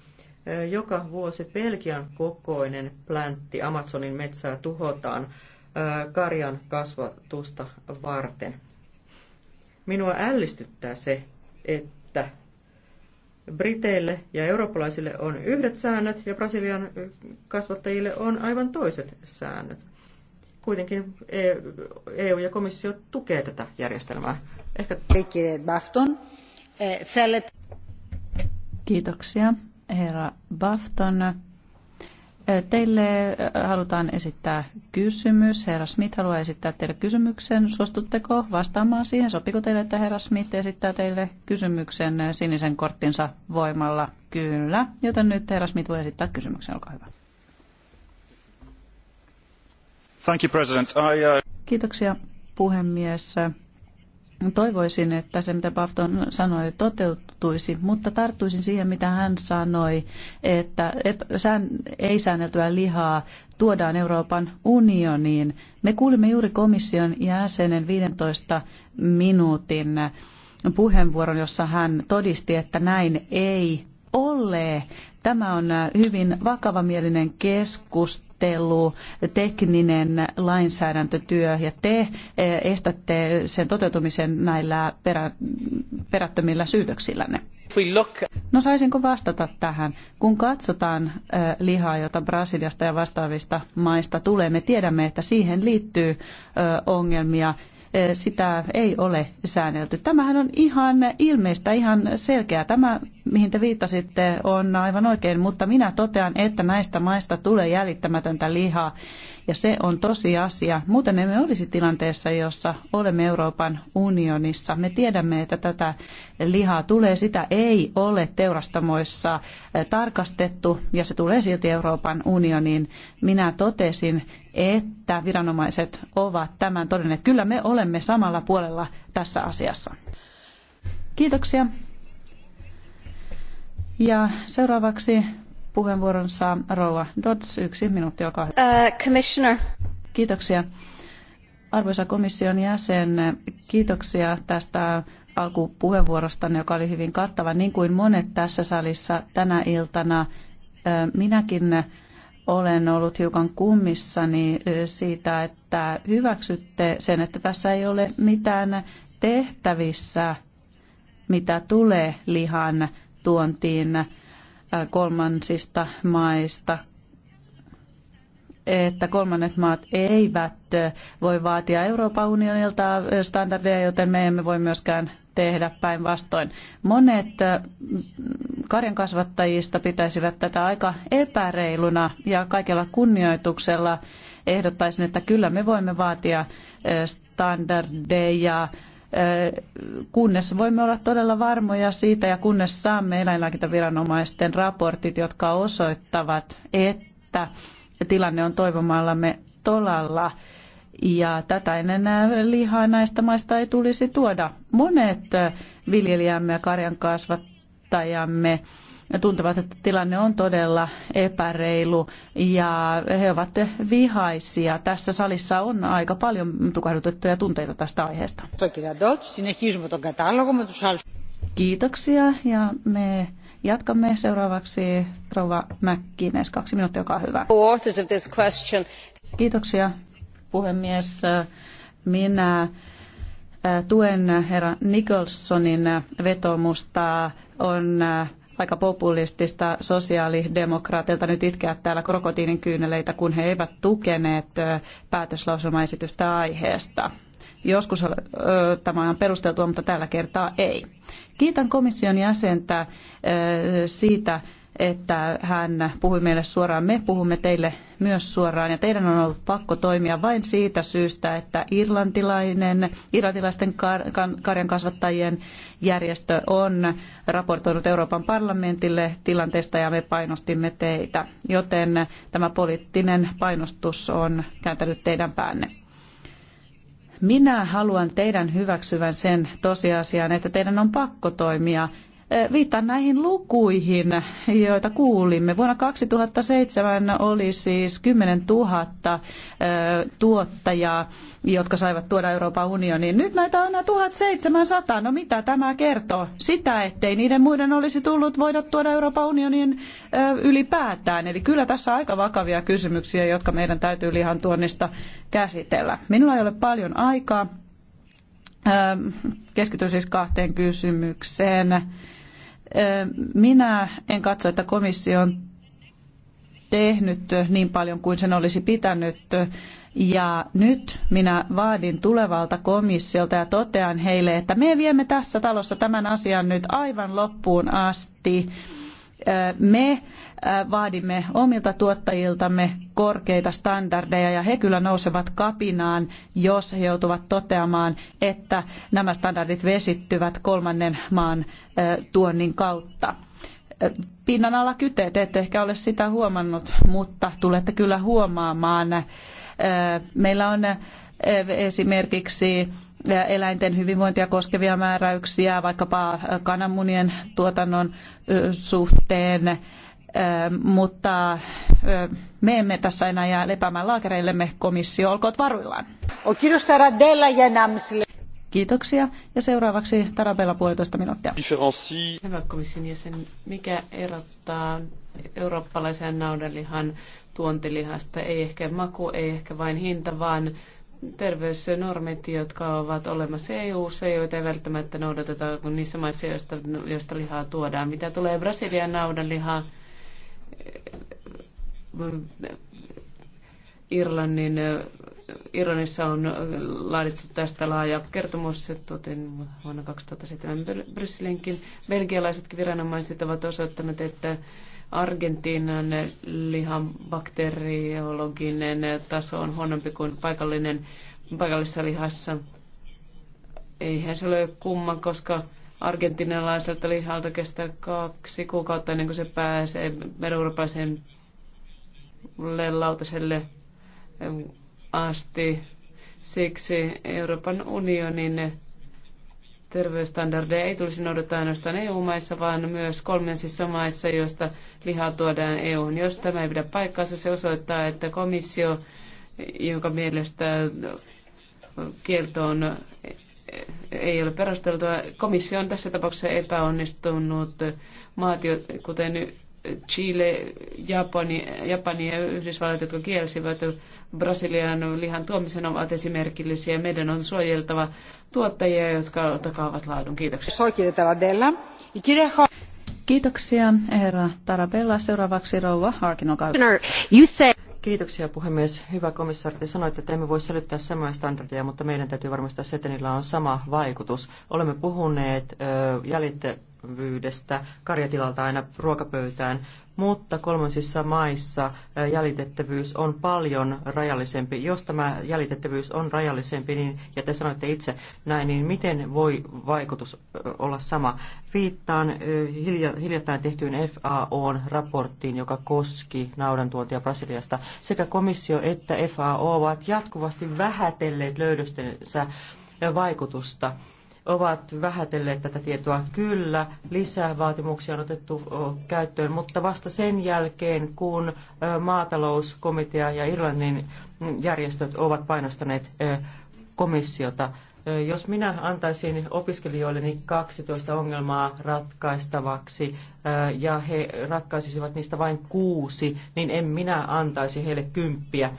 Joka vuosi Belgian kokoinen pläntti Amazonin metsää tuhotaan karjan kasvatusta varten. Minua ällistyttää se, että Briteille ja eurooppalaisille on yhdet säännöt ja Brasilian kasvattajille on aivan toiset säännöt. Kuitenkin EU e ja komissio tukee tätä järjestelmää. Ehkä... E, Kiitoksia, herra Bafton. Teille halutaan esittää kysymys. Herra Smith haluaa esittää teille kysymyksen. Suostutteko vastaamaan siihen? Sopiko teille, että herra Smith esittää teille kysymyksen sinisen korttinsa voimalla? Kyllä. Joten nyt herra Smith voi esittää kysymyksen. Olkaa hyvä. Thank you, President. I, uh... Kiitoksia, puhemies toivoisin, että se mitä Bafton sanoi toteutuisi, mutta tarttuisin siihen, mitä hän sanoi, että ei-säänneltyä lihaa tuodaan Euroopan unioniin. Me kuulimme juuri komission jäsenen 15 minuutin puheenvuoron, jossa hän todisti, että näin ei ole. Tämä on hyvin vakavamielinen keskustelu suunnittelu, tekninen lainsäädäntötyö ja te eh, estätte sen toteutumisen näillä perä, perättömillä syytöksillänne? No saisinko vastata tähän? Kun katsotaan eh, lihaa, jota Brasiliasta ja vastaavista maista tulee, me tiedämme, että siihen liittyy eh, ongelmia sitä ei ole säännelty. Tämähän on ihan ilmeistä, ihan selkeää. Tämä mihin te viittasitte, on aivan oikein, mutta minä totean, että näistä maista tulee jäljittämätöntä lihaa, ja se on tosi asia. Muuten emme olisi tilanteessa, jossa olemme Euroopan unionissa. Me tiedämme, että tätä lihaa tulee, sitä ei ole teurastamoissa eh, tarkastettu, ja se tulee silti Euroopan unioniin. Minä totesin, että viranomaiset ovat tämän todenneet. Kyllä me olemme samalla puolella tässä asiassa. Kiitoksia. Ja seuraavaksi puheenvuoron saa Rouva Dodds, yksi minuutti, olkaa Uh, commissioner. Kiitoksia. Arvoisa komission jäsen, kiitoksia tästä alkupuheenvuorostanne, joka oli hyvin kattava. Niin kuin monet tässä salissa tänä iltana, minäkin olen ollut hiukan kummissani siitä, että hyväksytte sen, että tässä ei ole mitään tehtävissä, mitä tulee lihan tuontiin äh, kolmansista maista, että kolmannet maat eivät voi vaatia Euroopan unionilta standardeja, joten me emme voi myöskään tehdä päinvastoin. Monet äh, karjankasvattajista pitäisivät tätä aika epäreiluna ja kaikella kunnioituksella ehdottaisin, että kyllä me voimme vaatia äh, standardeja kunnes voimme olla todella varmoja siitä ja kunnes saamme eläinlääkintäviranomaisten raportit, jotka osoittavat, että tilanne on toivomallamme tolalla. Ja tätä enää lihaa näistä maista ei tulisi tuoda. Monet viljelijämme ja karjan kasvattajamme tuntevat, että tilanne on todella epäreilu ja he ovat vihaisia. Tässä salissa on aika paljon tukahdutettuja tunteita tästä aiheesta. Kiitoksia ja me Jatkamme seuraavaksi Rova Mäkkines, kaksi minuuttia, olkaa hyvä. Kiitoksia puhemies. Minä tuen herra Nicholsonin vetomusta on aika populistista sosiaalidemokraatilta nyt itkeä täällä krokotiinin kyyneleitä, kun he eivät tukeneet päätöslausumaesitystä aiheesta. Joskus ö, tämä on perusteltua, mutta tällä kertaa ei. Kiitän komission jäsentä ö, siitä, että hän puhui meille suoraan. Me puhumme teille myös suoraan ja teidän on ollut pakko toimia vain siitä syystä, että irlantilainen, irlantilaisten karjan kasvattajien järjestö on raportoinut Euroopan parlamentille tilanteesta ja me painostimme teitä, joten tämä poliittinen painostus on kääntänyt teidän päänne. Minä haluan teidän hyväksyvän sen tosiasian, että teidän on pakko toimia Viittaan näihin lukuihin, joita kuulimme. Vuonna 2007 oli siis 10 000 tuottajaa, jotka saivat tuoda Euroopan unioniin. Nyt näitä on 1700. No mitä tämä kertoo? Sitä, ettei niiden muiden olisi tullut voida tuoda Euroopan unioniin ylipäätään. Eli kyllä tässä aika vakavia kysymyksiä, jotka meidän täytyy lihan tuonnista käsitellä. Minulla ei ole paljon aikaa. Keskityn siis kahteen kysymykseen. Minä en katso, että komissio on tehnyt niin paljon kuin sen olisi pitänyt. Ja nyt minä vaadin tulevalta komissiolta ja totean heille, että me viemme tässä talossa tämän asian nyt aivan loppuun asti me vaadimme omilta tuottajiltamme korkeita standardeja ja he kyllä nousevat kapinaan, jos he joutuvat toteamaan, että nämä standardit vesittyvät kolmannen maan tuonnin kautta. Pinnan alla kyteet, ette ehkä ole sitä huomannut, mutta tulette kyllä huomaamaan. Meillä on esimerkiksi eläinten hyvinvointia koskevia määräyksiä, vaikkapa kananmunien tuotannon suhteen, mutta me emme tässä enää jää lepäämään laakereillemme komissio, olkoot varuillaan. Kiitoksia. Ja seuraavaksi Tarabella puolitoista minuuttia. Hyvä komission jäsen, mikä erottaa eurooppalaisen naudanlihan tuontilihasta? Ei ehkä maku, ei ehkä vain hinta, vaan terveysnormit, jotka ovat olemassa EU-ssa, joita ei välttämättä noudateta kuin niissä maissa, joista, joista lihaa tuodaan. Mitä tulee Brasilian naudanlihaan, Irlannin, Irlannissa on laadittu tästä laaja kertomus, tuotin vuonna 2007 Brysselinkin. Belgialaisetkin viranomaiset ovat osoittaneet, että Argentiinan lihan bakteriologinen taso on huonompi kuin paikallinen, paikallisessa lihassa. Eihän se ole kumma, koska argentinalaiselta lihalta kestää kaksi kuukautta ennen kuin se pääsee eurooppalaiselle lautaselle asti. Siksi Euroopan unionin terveysstandardeja ei tulisi noudattaa ainoastaan EU-maissa, vaan myös kolmansissa maissa, joista lihaa tuodaan EU:hun. Jos tämä ei pidä paikkaansa, se osoittaa, että komissio, jonka mielestä kielto on, ei ole perusteltua, komissio on tässä tapauksessa epäonnistunut. Maat, kuten Chile, Japani, Japani ja Yhdysvallat, jotka kielsivät Brasilian lihan tuomisen, ovat esimerkillisiä. Meidän on suojeltava tuottajia, jotka takaavat laadun. Kiitoksia. Kiitoksia, herra Tarabella. Seuraavaksi rouva Harkin, Kiitoksia puhemies. Hyvä komissaari, te sanoitte, että emme voi selittää samoja standardeja, mutta meidän täytyy varmistaa, että niillä on sama vaikutus. Olemme puhuneet jäljittä, kestävyydestä karjatilalta aina ruokapöytään, mutta kolmansissa maissa jäljitettävyys on paljon rajallisempi. Jos tämä jäljitettävyys on rajallisempi, niin, ja te sanoitte itse näin, niin miten voi vaikutus olla sama? Viittaan hiljattain tehtyyn fao raporttiin, joka koski naudantuontia Brasiliasta. Sekä komissio että FAO ovat jatkuvasti vähätelleet löydöstensä vaikutusta ovat vähätelleet tätä tietoa. Kyllä, lisää vaatimuksia on otettu käyttöön, mutta vasta sen jälkeen, kun maatalouskomitea ja Irlannin järjestöt ovat painostaneet komissiota. Jos minä antaisin opiskelijoille 12 ongelmaa ratkaistavaksi ja he ratkaisisivat niistä vain kuusi, niin en minä antaisi heille kymppiä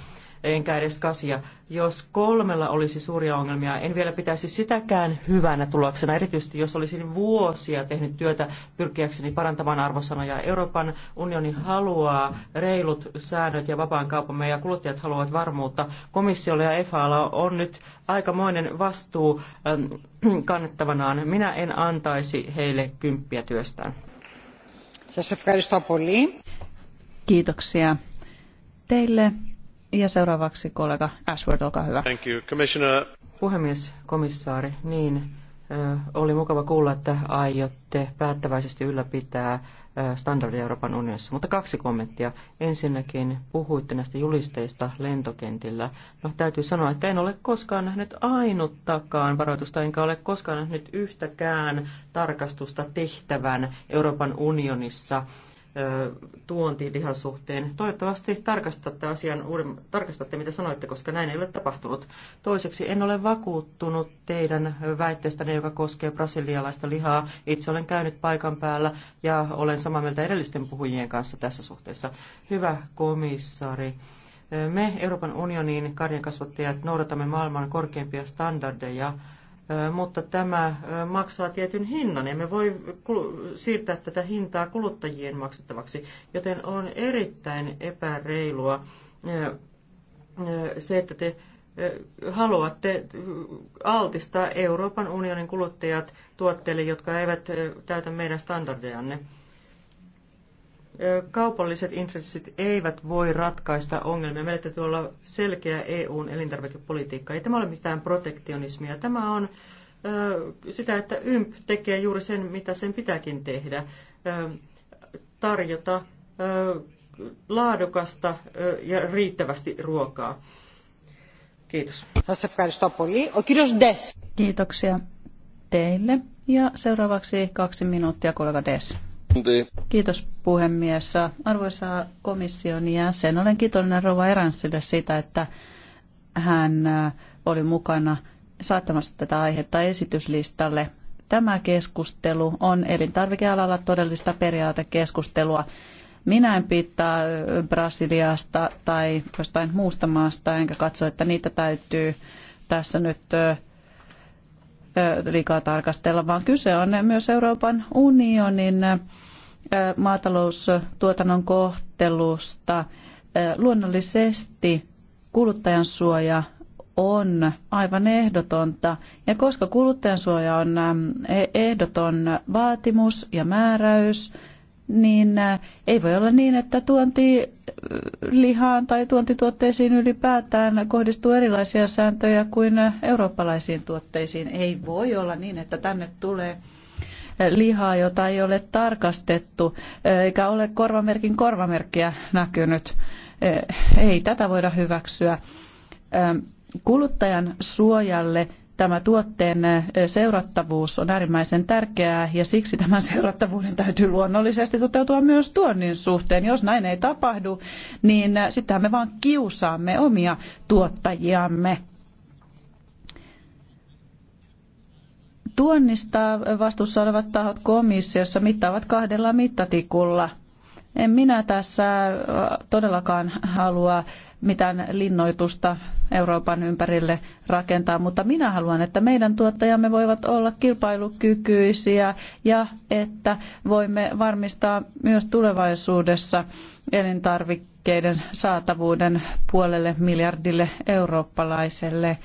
enkä edes kasia. Jos kolmella olisi suuria ongelmia, en vielä pitäisi sitäkään hyvänä tuloksena, erityisesti jos olisin vuosia tehnyt työtä pyrkiäkseni parantamaan arvosanoja. Euroopan unioni haluaa reilut säännöt ja vapaan kaupamme ja kuluttajat haluavat varmuutta. Komissiolla ja EFAlla on nyt aikamoinen vastuu kannettavanaan. Minä en antaisi heille kymppiä työstään. Kiitoksia teille. Ja seuraavaksi kollega Ashworth, olkaa hyvä. Thank you, Commissioner. Puhemies, komissaari, niin oli mukava kuulla, että aiotte päättäväisesti ylläpitää standardia Euroopan unionissa. Mutta kaksi kommenttia. Ensinnäkin puhuitte näistä julisteista lentokentillä. No täytyy sanoa, että en ole koskaan nähnyt ainuttakaan varoitusta, enkä ole koskaan nähnyt yhtäkään tarkastusta tehtävän Euroopan unionissa tuontilihan suhteen. Toivottavasti tarkastatte asian tarkastatte mitä sanoitte, koska näin ei ole tapahtunut. Toiseksi en ole vakuuttunut teidän väitteestänne, joka koskee brasilialaista lihaa. Itse olen käynyt paikan päällä ja olen samaa mieltä edellisten puhujien kanssa tässä suhteessa. Hyvä komissaari. Me Euroopan unionin karjankasvattajat noudatamme maailman korkeimpia standardeja mutta tämä maksaa tietyn hinnan. ja me voi siirtää tätä hintaa kuluttajien maksettavaksi, joten on erittäin epäreilua se, että te haluatte altistaa Euroopan unionin kuluttajat tuotteille, jotka eivät täytä meidän standardejanne kaupalliset intressit eivät voi ratkaista ongelmia. Meillä täytyy olla selkeä EUn elintarvikepolitiikka. Ei tämä ole mitään protektionismia. Tämä on sitä, että YMP tekee juuri sen, mitä sen pitääkin tehdä. Tarjota laadukasta ja riittävästi ruokaa. Kiitos. Kiitoksia teille. Ja seuraavaksi kaksi minuuttia kollega Des. Kiitos puhemies. Arvoisa komission jäsen, olen kiitollinen Rova Eranssille siitä, että hän oli mukana saattamassa tätä aihetta esityslistalle. Tämä keskustelu on elintarvikealalla todellista periaatekeskustelua. Minä en piittaa Brasiliasta tai jostain muusta maasta, enkä katso, että niitä täytyy tässä nyt liikaa tarkastella, vaan kyse on myös Euroopan unionin maataloustuotannon kohtelusta. Luonnollisesti kuluttajan suoja on aivan ehdotonta. Ja koska kuluttajansuoja on ehdoton vaatimus ja määräys, niin äh, ei voi olla niin, että äh, lihaan tai tuontituotteisiin ylipäätään kohdistuu erilaisia sääntöjä kuin äh, eurooppalaisiin tuotteisiin. Ei voi olla niin, että tänne tulee lihaa, jota ei ole tarkastettu, eikä ole korvamerkin korvamerkkiä näkynyt. Ei tätä voida hyväksyä. Ähm, kuluttajan suojalle tämä tuotteen seurattavuus on äärimmäisen tärkeää ja siksi tämän seurattavuuden täytyy luonnollisesti toteutua myös tuonnin suhteen. Jos näin ei tapahdu, niin sitähän me vaan kiusaamme omia tuottajiamme. Tuonnista vastuussa olevat tahot komissiossa mittaavat kahdella mittatikulla. En minä tässä todellakaan halua mitään linnoitusta Euroopan ympärille rakentaa, mutta minä haluan, että meidän tuottajamme voivat olla kilpailukykyisiä ja että voimme varmistaa myös tulevaisuudessa elintarvikkeiden saatavuuden puolelle miljardille eurooppalaiselle.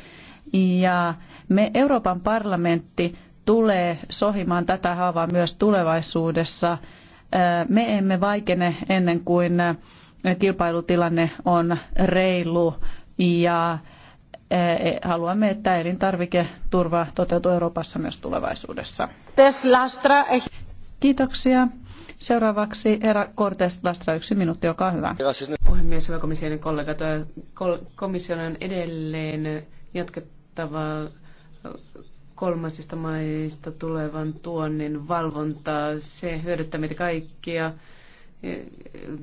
Ja me Euroopan parlamentti tulee sohimaan tätä haavaa myös tulevaisuudessa. Me emme vaikene ennen kuin kilpailutilanne on reilu ja e, e, haluamme, että elintarviketurva toteutuu Euroopassa myös tulevaisuudessa. Eh- Kiitoksia. Seuraavaksi herra Cortes Lastra, yksi minuutti, olkaa hyvä. Puhemies, hyvä komission kollegat. Komission on edelleen jatkettava kolmansista maista tulevan tuonnin valvontaa. Se hyödyttää meitä kaikkia e,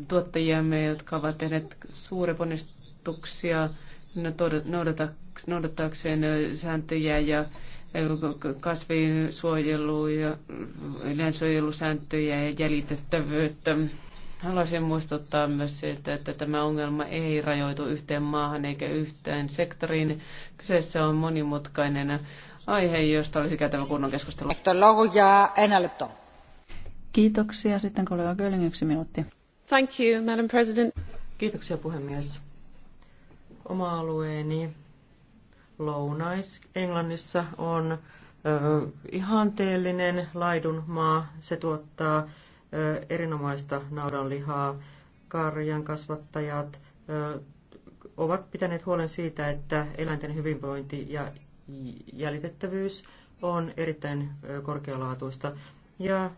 tuottajiamme, jotka ovat tehneet suuren ponnistuksen asetuksia noudattaakseen sääntöjä ja kasvinsuojelu- ja eläinsuojelusääntöjä ja jäljitettävyyttä. Haluaisin muistuttaa myös siitä, että tämä ongelma ei rajoitu yhteen maahan eikä yhteen sektoriin. Kyseessä on monimutkainen aihe, josta olisi käytävä kunnon keskustelu. Kiitoksia. Sitten kollega Gölling yksi minuutti. Thank you, Madam President. Kiitoksia puhemies Oma alueeni Lounais-Englannissa on ö, ihanteellinen laidunmaa. Se tuottaa ö, erinomaista naudanlihaa. Karjan kasvattajat ö, ovat pitäneet huolen siitä, että eläinten hyvinvointi ja jäljitettävyys on erittäin korkealaatuista. Ja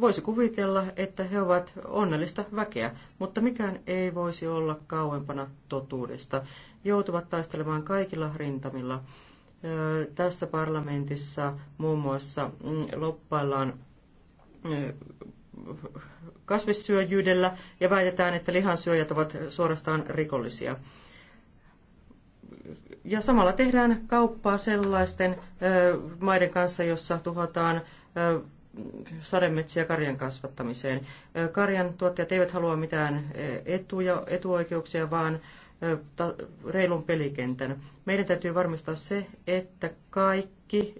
voisi kuvitella, että he ovat onnellista väkeä, mutta mikään ei voisi olla kauempana totuudesta. Joutuvat taistelemaan kaikilla rintamilla. Tässä parlamentissa muun muassa mm, loppaillaan mm, kasvissyöjyydellä ja väitetään, että lihansyöjät ovat suorastaan rikollisia. Ja samalla tehdään kauppaa sellaisten maiden kanssa, jossa tuhotaan sademetsiä karjan kasvattamiseen. Karjan tuottajat eivät halua mitään etuja, etuoikeuksia, vaan reilun pelikentän. Meidän täytyy varmistaa se, että kaikki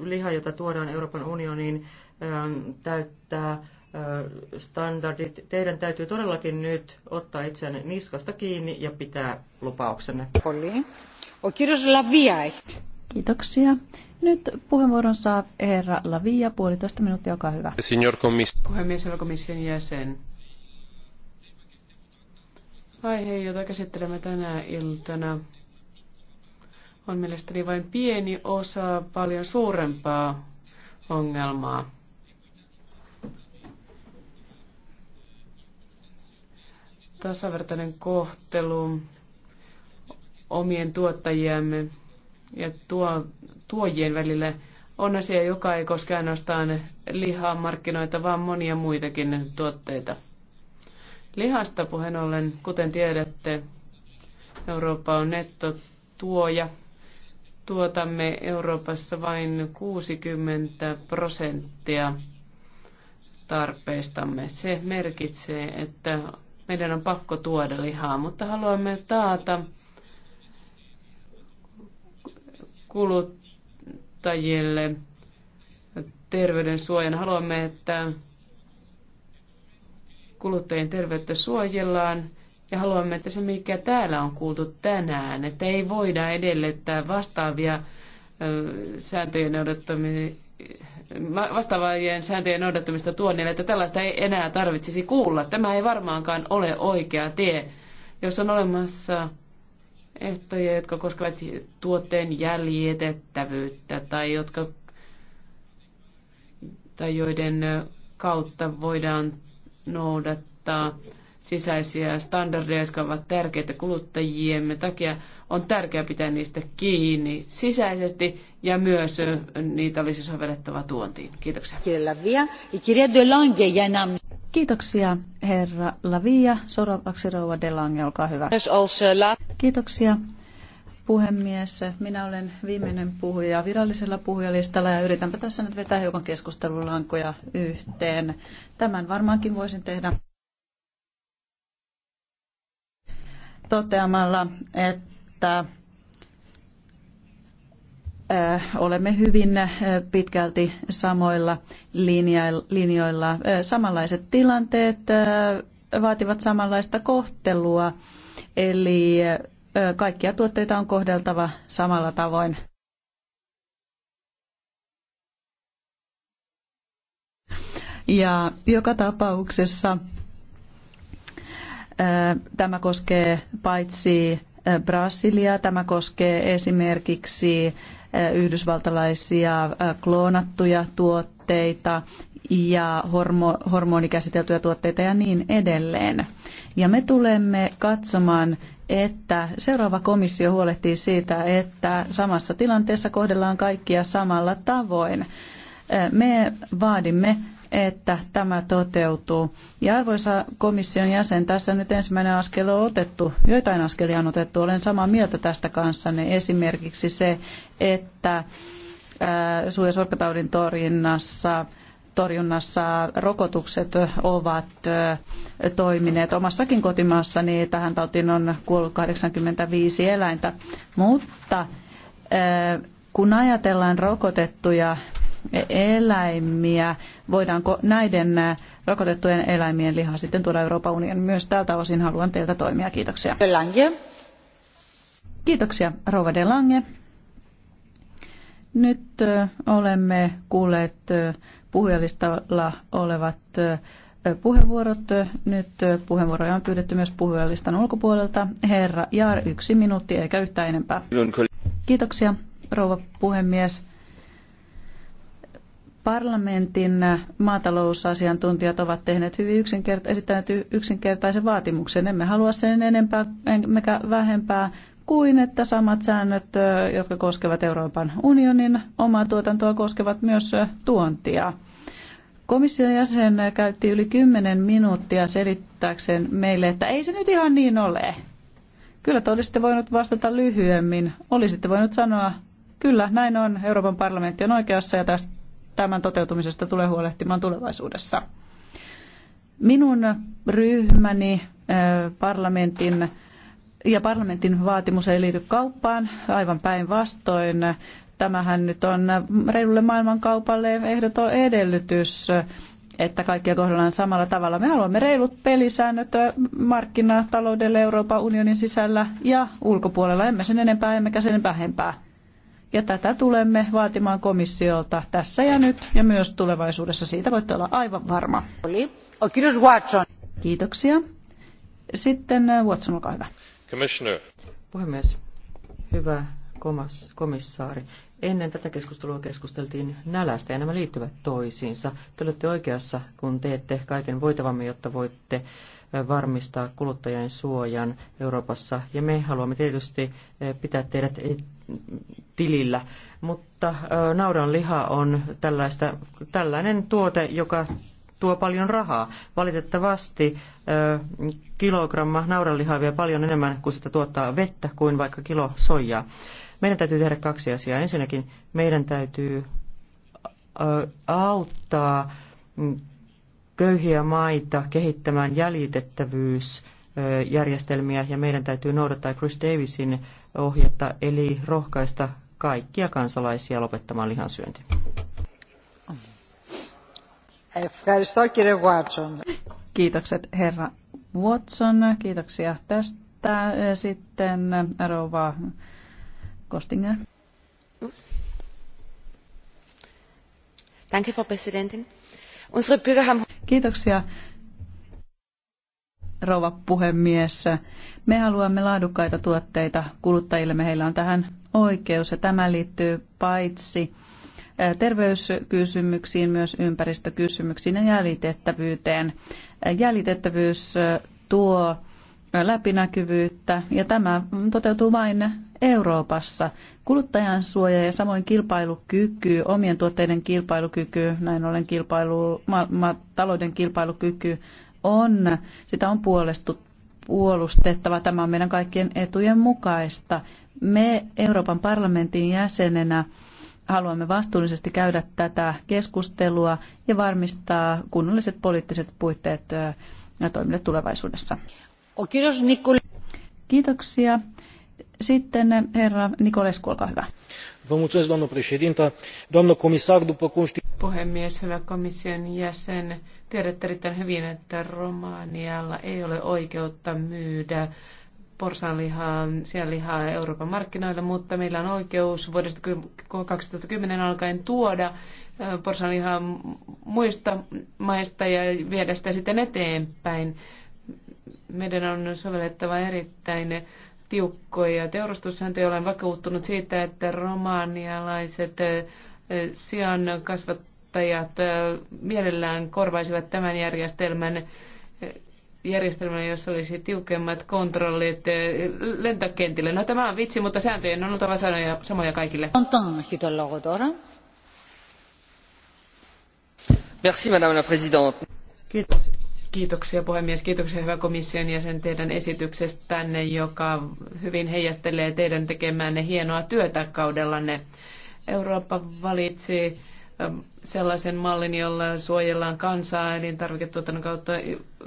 liha, jota tuodaan Euroopan unioniin, täyttää standardit. Teidän täytyy todellakin nyt ottaa itsenne niskasta kiinni ja pitää lupauksenne. Oli. O kirjos Lavia. Kiitoksia. Nyt puheenvuoron saa herra Lavia, puolitoista minuuttia, olkaa hyvä. Signor komis- Puhemies, herra komission jäsen. Aihe, jota käsittelemme tänä iltana, on mielestäni vain pieni osa paljon suurempaa ongelmaa. Tasavertainen kohtelu omien tuottajiemme ja tuo, tuojien välillä on asia, joka ei koske ainoastaan lihaa markkinoita, vaan monia muitakin tuotteita. Lihasta puheen ollen, kuten tiedätte, Eurooppa on nettotuoja. Tuotamme Euroopassa vain 60 prosenttia tarpeistamme. Se merkitsee, että meidän on pakko tuoda lihaa, mutta haluamme taata kuluttajille terveyden suojan. Haluamme, että kuluttajien terveyttä suojellaan ja haluamme, että se mikä täällä on kuultu tänään, että ei voida edellyttää vastaavia sääntöjen noudattamista vastaavien sääntöjen noudattamista tuonnille, että tällaista ei enää tarvitsisi kuulla. Tämä ei varmaankaan ole oikea tie, jos on olemassa ehtoja, jotka koskevat tuotteen jäljitettävyyttä tai, jotka, tai joiden kautta voidaan noudattaa sisäisiä standardeja, jotka ovat tärkeitä kuluttajiemme takia. On tärkeää pitää niistä kiinni sisäisesti ja myös niitä olisi sovellettava tuontiin. Kiitoksia. Kiitoksia herra Lavia. Seuraavaksi rouva Delange, olkaa hyvä. Eh, Kiitoksia puhemies. Minä olen viimeinen puhuja virallisella puhujalistalla ja yritänpä tässä nyt vetää hiukan keskustelulankoja yhteen. Tämän varmaankin voisin tehdä toteamalla, että olemme hyvin pitkälti samoilla linjoilla. Samanlaiset tilanteet vaativat samanlaista kohtelua, eli kaikkia tuotteita on kohdeltava samalla tavoin. Ja joka tapauksessa tämä koskee paitsi Brasiliaa, tämä koskee esimerkiksi yhdysvaltalaisia kloonattuja tuotteita ja hormo, hormonikäsiteltyjä tuotteita ja niin edelleen. Ja me tulemme katsomaan, että seuraava komissio huolehtii siitä, että samassa tilanteessa kohdellaan kaikkia samalla tavoin. Me vaadimme että tämä toteutuu. Ja arvoisa komission jäsen, tässä nyt ensimmäinen askel on otettu, joitain askelia on otettu, olen samaa mieltä tästä kanssanne. Esimerkiksi se, että suu- ja sorkkataudin torjunnassa torjunnassa rokotukset ovat toimineet. Omassakin kotimaassani tähän tautiin on kuollut 85 eläintä, mutta kun ajatellaan rokotettuja eläimiä. Voidaanko näiden rokotettujen eläimien liha sitten tuoda Euroopan unionin? Myös tältä osin haluan teiltä toimia. Kiitoksia. Lange. Kiitoksia, Rouva de Lange. Nyt olemme kuulleet puhujalistalla olevat puheenvuorot. Nyt puheenvuoroja on pyydetty myös puhujalistan ulkopuolelta. Herra Jaar, yksi minuutti eikä yhtään enempää. Kiitoksia, rouva puhemies. Parlamentin maatalousasiantuntijat ovat tehneet hyvin yksinkert- esittäneet yksinkertaisen vaatimuksen. Emme halua sen enempää emmekä vähempää kuin että samat säännöt, jotka koskevat Euroopan unionin omaa tuotantoa, koskevat myös tuontia. Komission jäsen käytti yli 10 minuuttia selittääkseen meille, että ei se nyt ihan niin ole. Kyllä te olisitte voinut vastata lyhyemmin. Olisitte voinut sanoa, kyllä näin on, Euroopan parlamentti on oikeassa ja tästä tämän toteutumisesta tulee huolehtimaan tulevaisuudessa. Minun ryhmäni parlamentin ja parlamentin vaatimus ei liity kauppaan, aivan päinvastoin. Tämähän nyt on reilulle maailmankaupalle ehdoton edellytys, että kaikkia kohdellaan samalla tavalla. Me haluamme reilut pelisäännöt markkinataloudelle Euroopan unionin sisällä ja ulkopuolella. Emme sen enempää, emmekä sen vähempää. Ja tätä tulemme vaatimaan komissiolta tässä ja nyt ja myös tulevaisuudessa. Siitä voitte olla aivan varma. Kiitoksia. Sitten äh, Watson, olkaa hyvä. Commissioner. Puhemies, hyvä komas, komissaari. Ennen tätä keskustelua keskusteltiin nälästä ja nämä liittyvät toisiinsa. Te olette oikeassa, kun teette kaiken voitavamme, jotta voitte äh, varmistaa kuluttajien suojan Euroopassa. Ja me haluamme tietysti äh, pitää teidät tilillä. Mutta naudanliha on tällaista, tällainen tuote, joka tuo paljon rahaa. Valitettavasti kilogramma naudanlihaa vie paljon enemmän kuin sitä tuottaa vettä kuin vaikka kilo soijaa. Meidän täytyy tehdä kaksi asiaa. Ensinnäkin meidän täytyy auttaa mm, köyhiä maita kehittämään jäljitettävyysjärjestelmiä ja meidän täytyy noudattaa Chris Davisin ohjetta, eli rohkaista kaikkia kansalaisia lopettamaan lihansyönti. Kiitokset herra Watson. Kiitoksia tästä. Sitten rouva Kostinger. Danke, Frau Präsidentin. Kiitoksia rouva puhemies. Me haluamme laadukkaita tuotteita kuluttajille. Meillä on tähän oikeus ja tämä liittyy paitsi terveyskysymyksiin, myös ympäristökysymyksiin ja jäljitettävyyteen. Jäljitettävyys tuo läpinäkyvyyttä ja tämä toteutuu vain Euroopassa. Kuluttajan suoja ja samoin kilpailukyky, omien tuotteiden kilpailukyky, näin ollen kilpailu, ma- ma- talouden kilpailukyky on, sitä on puolustettava. Tämä on meidän kaikkien etujen mukaista. Me Euroopan parlamentin jäsenenä haluamme vastuullisesti käydä tätä keskustelua ja varmistaa kunnolliset poliittiset puitteet toimille tulevaisuudessa. Kiitoksia. Sitten herra Nikolesku, olkaa hyvä. Puhemies, hyvä komission jäsen. Tiedätte erittäin hyvin, että Romanialla ei ole oikeutta myydä porsanlihaa, sianlihaa Euroopan markkinoille, mutta meillä on oikeus vuodesta 2010 alkaen tuoda porsanlihaa muista maista ja viedä sitä sitten eteenpäin. Meidän on sovellettava erittäin tiukkoja teurastussääntöjä. Olen vakuuttunut siitä, että romaanialaiset sian kasvattajat mielellään korvaisivat tämän järjestelmän järjestelmän, jossa olisi tiukemmat kontrollit lentokentille. No tämä on vitsi, mutta sääntöjen on oltava sanoja, samoja kaikille. Merci, madame la présidente. Kiitos. Kiitoksia puhemies, kiitoksia hyvä komission jäsen teidän esityksestänne, joka hyvin heijastelee teidän tekemäänne hienoa työtä kaudellanne. Eurooppa valitsi ähm, sellaisen mallin, jolla suojellaan kansaa elintarviketuotannon kautta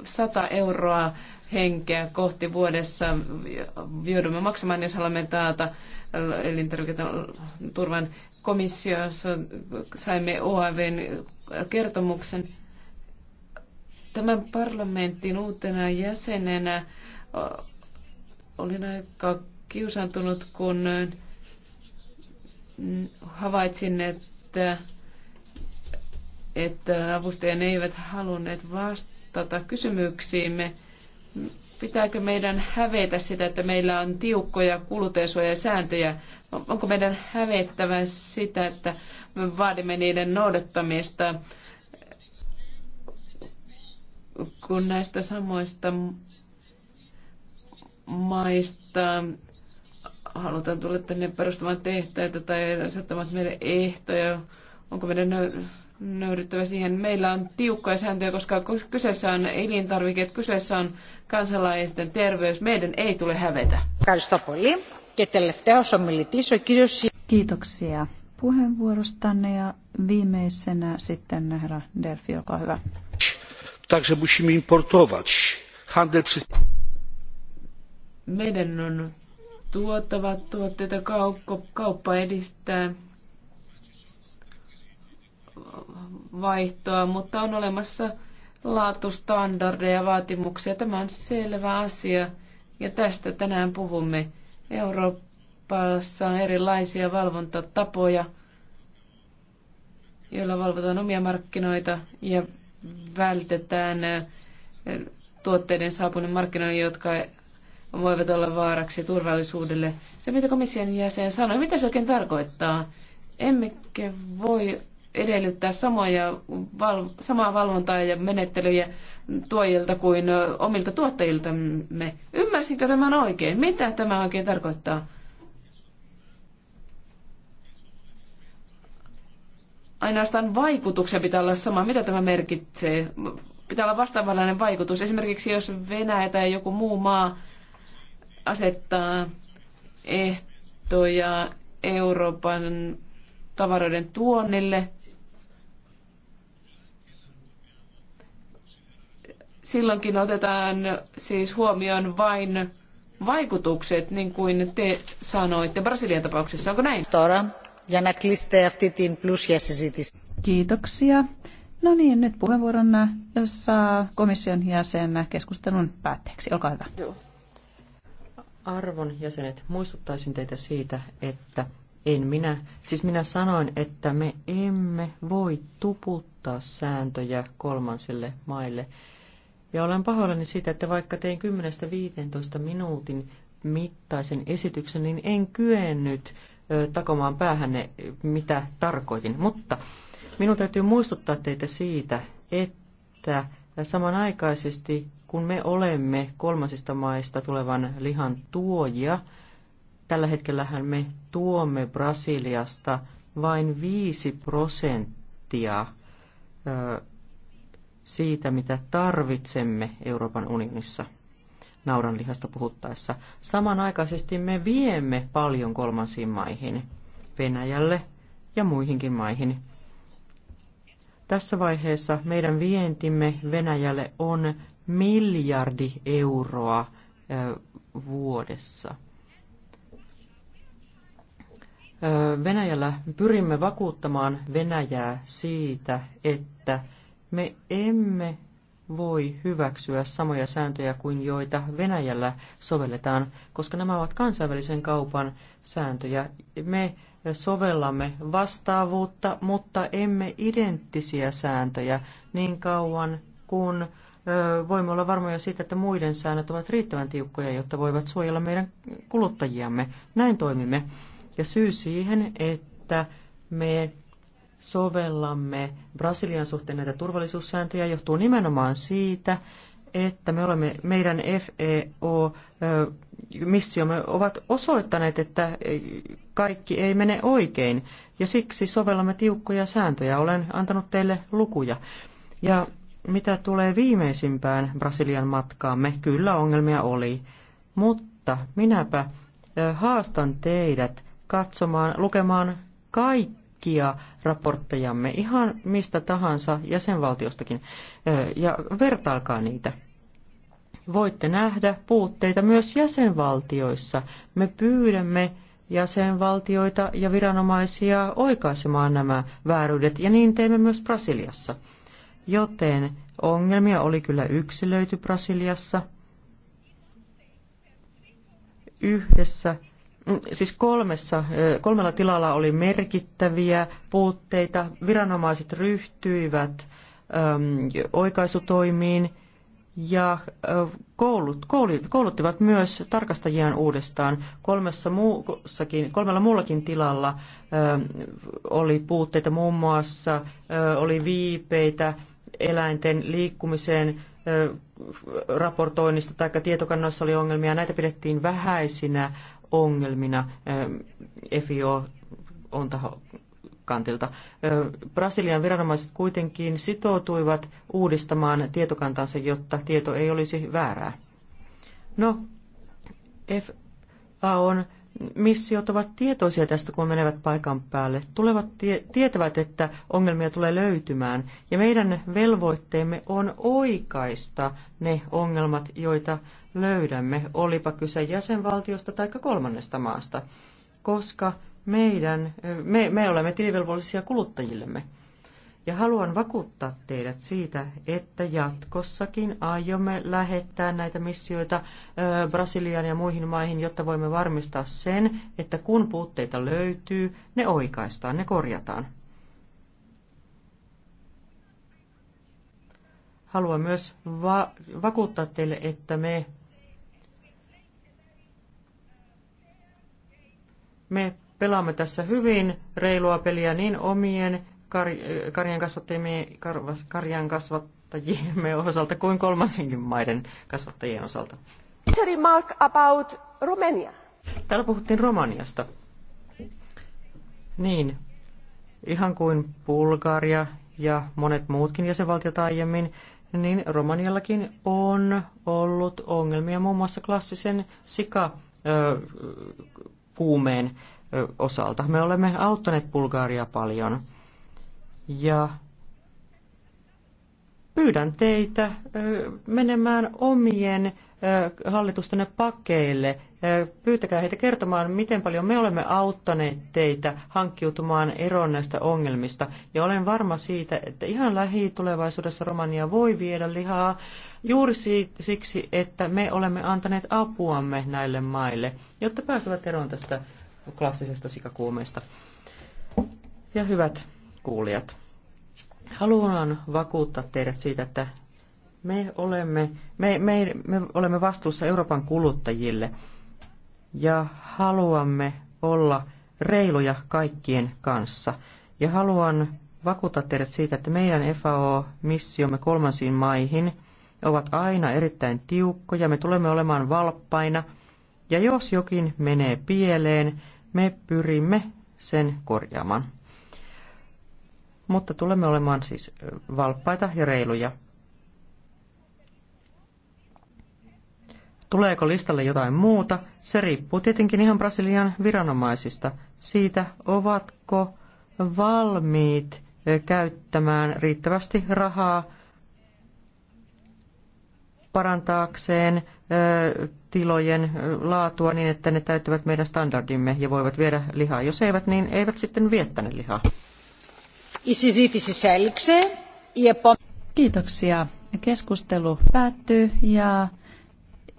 100 euroa henkeä kohti vuodessa joudumme maksamaan, jos haluamme taata äh, elintarviketurvan komissiossa. Saimme OAVn kertomuksen Tämän parlamentin uutena jäsenenä olin aika kiusantunut, kun havaitsin, että, että avustajan eivät halunneet vastata kysymyksiimme. Pitääkö meidän hävetä sitä, että meillä on tiukkoja sääntöjä? Onko meidän hävettävä sitä, että me vaadimme niiden noudattamista? kun näistä samoista maista halutaan tulla tänne perustamaan tehtäitä tai asettamaan meille ehtoja, onko meidän nöyryttävä siihen. Meillä on tiukkoja sääntöjä, koska kyseessä on elintarvikeet, kyseessä on kansalaisten terveys. Meidän ei tule hävetä. Kiitoksia puheenvuorostanne ja viimeisenä sitten herra Delfi, olkaa hyvä także musimy importować meidän on tuottava tuotteita kauppa, kauppa edistää vaihtoa, mutta on olemassa laatustandardeja ja vaatimuksia. Tämä on selvä asia ja tästä tänään puhumme. Euroopassa on erilaisia valvontatapoja, joilla valvotaan omia markkinoita ja vältetään eh, tuotteiden saapuminen markkinoille, jotka voivat olla vaaraksi turvallisuudelle. Se, mitä komission jäsen sanoi, mitä se oikein tarkoittaa? Emmekä voi edellyttää samoja, val, samaa valvontaa ja menettelyjä tuojilta kuin eh, omilta tuottajiltamme. Ymmärsinkö tämän oikein? Mitä tämä oikein tarkoittaa? ainoastaan vaikutuksen pitää olla sama. Mitä tämä merkitsee? Pitää olla vastaavanlainen vaikutus. Esimerkiksi jos Venäjä tai joku muu maa asettaa ehtoja Euroopan tavaroiden tuonnille, silloinkin otetaan siis huomioon vain vaikutukset, niin kuin te sanoitte Brasilian tapauksessa. Onko näin? για να κλείσετε αυτή την πλούσια συζήτηση. Kiitoksia. No niin, nyt puheenvuoron äh, saa komission jäsen keskustelun päätteeksi. Olkaa hyvä. Arvon jäsenet, muistuttaisin teitä siitä, että en minä, siis minä sanoin, että me emme voi tuputtaa sääntöjä kolmansille maille. Ja olen pahoillani siitä, että vaikka tein 10-15 minuutin mittaisen esityksen, niin en kyennyt takomaan päähänne, mitä tarkoitin. Mutta minun täytyy muistuttaa teitä siitä, että samanaikaisesti kun me olemme kolmasista maista tulevan lihan tuojia, tällä hetkellähän me tuomme Brasiliasta vain 5 prosenttia siitä, mitä tarvitsemme Euroopan unionissa – naudanlihasta puhuttaessa. Samanaikaisesti me viemme paljon kolmansiin maihin, Venäjälle ja muihinkin maihin. Tässä vaiheessa meidän vientimme Venäjälle on miljardi euroa vuodessa. Venäjällä pyrimme vakuuttamaan Venäjää siitä, että me emme voi hyväksyä samoja sääntöjä kuin joita Venäjällä sovelletaan, koska nämä ovat kansainvälisen kaupan sääntöjä. Me sovellamme vastaavuutta, mutta emme identtisiä sääntöjä niin kauan kuin voimme olla varmoja siitä, että muiden säännöt ovat riittävän tiukkoja, jotta voivat suojella meidän kuluttajiamme. Näin toimimme. Ja syy siihen, että me sovellamme Brasilian suhteen näitä turvallisuussääntöjä johtuu nimenomaan siitä, että me olemme, meidän FEO-missiomme ovat osoittaneet, että kaikki ei mene oikein, ja siksi sovellamme tiukkoja sääntöjä. Olen antanut teille lukuja. Ja mitä tulee viimeisimpään Brasilian matkaamme, kyllä ongelmia oli, mutta minäpä haastan teidät katsomaan, lukemaan kaikki kaikkia raporttejamme ihan mistä tahansa jäsenvaltiostakin ja vertailkaa niitä. Voitte nähdä puutteita myös jäsenvaltioissa. Me pyydämme jäsenvaltioita ja viranomaisia oikaisemaan nämä vääryydet, ja niin teemme myös Brasiliassa. Joten ongelmia oli kyllä yksilöity Brasiliassa. Yhdessä Mm, siis kolmessa, kolmella tilalla oli merkittäviä puutteita. Viranomaiset ryhtyivät oikaisutoimiin ja koulut, koulut, kouluttivat myös tarkastajiaan uudestaan. Kolmessa muussakin, kolmella muullakin tilalla oli puutteita muun muassa, oli viipeitä eläinten liikkumiseen raportoinnista tai tietokannoissa oli ongelmia. Näitä pidettiin vähäisinä ongelmina ähm, FIO on taho kantilta. Äh, Brasilian viranomaiset kuitenkin sitoutuivat uudistamaan tietokantansa, jotta tieto ei olisi väärää. No, FAO on missiot ovat tietoisia tästä, kun menevät paikan päälle. Tulevat tie- tietävät, että ongelmia tulee löytymään. Ja meidän velvoitteemme on oikaista ne ongelmat, joita löydämme, olipa kyse jäsenvaltiosta tai kolmannesta maasta. Koska meidän, me, me olemme tilivelvollisia kuluttajillemme. Ja haluan vakuuttaa teidät siitä, että jatkossakin aiomme lähettää näitä missioita Brasiliaan ja muihin maihin, jotta voimme varmistaa sen, että kun puutteita löytyy, ne oikaistaan, ne korjataan. Haluan myös va- vakuuttaa teille, että me, me pelaamme tässä hyvin reilua peliä niin omien kar, karjan, kar, karjan kasvattajien osalta kuin kolmansinkin maiden kasvattajien osalta. Remark about Romania. Täällä puhuttiin Romaniasta. Niin, ihan kuin Bulgaria ja monet muutkin jäsenvaltiot aiemmin, niin Romaniallakin on ollut ongelmia muun muassa klassisen sika kuumeen osalta. Me olemme auttaneet Bulgaria paljon ja pyydän teitä menemään omien hallitustenne pakeille. Pyytäkää heitä kertomaan, miten paljon me olemme auttaneet teitä hankkiutumaan eroon näistä ongelmista. Ja olen varma siitä, että ihan lähitulevaisuudessa Romania voi viedä lihaa juuri siksi, että me olemme antaneet apuamme näille maille, jotta pääsevät eroon tästä klassisesta sikakuumeesta. Ja hyvät kuulijat. Haluan vakuuttaa teidät siitä, että me olemme, me, me, me olemme vastuussa Euroopan kuluttajille ja haluamme olla reiluja kaikkien kanssa. Ja haluan vakuuttaa teidät siitä, että meidän FAO-missiomme kolmansiin maihin ovat aina erittäin tiukkoja. Me tulemme olemaan valppaina. Ja jos jokin menee pieleen, me pyrimme sen korjaamaan mutta tulemme olemaan siis valppaita ja reiluja. Tuleeko listalle jotain muuta? Se riippuu tietenkin ihan Brasilian viranomaisista. Siitä, ovatko valmiit käyttämään riittävästi rahaa parantaakseen tilojen laatua niin, että ne täyttävät meidän standardimme ja voivat viedä lihaa. Jos eivät, niin eivät sitten viettäne lihaa. Kiitoksia. Keskustelu päättyy ja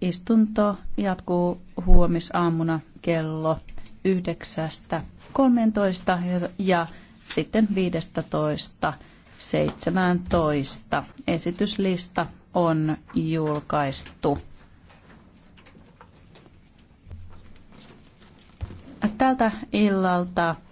istunto jatkuu huomisaamuna kello 9.13 ja sitten 15.17. Esityslista on julkaistu. Tältä illalta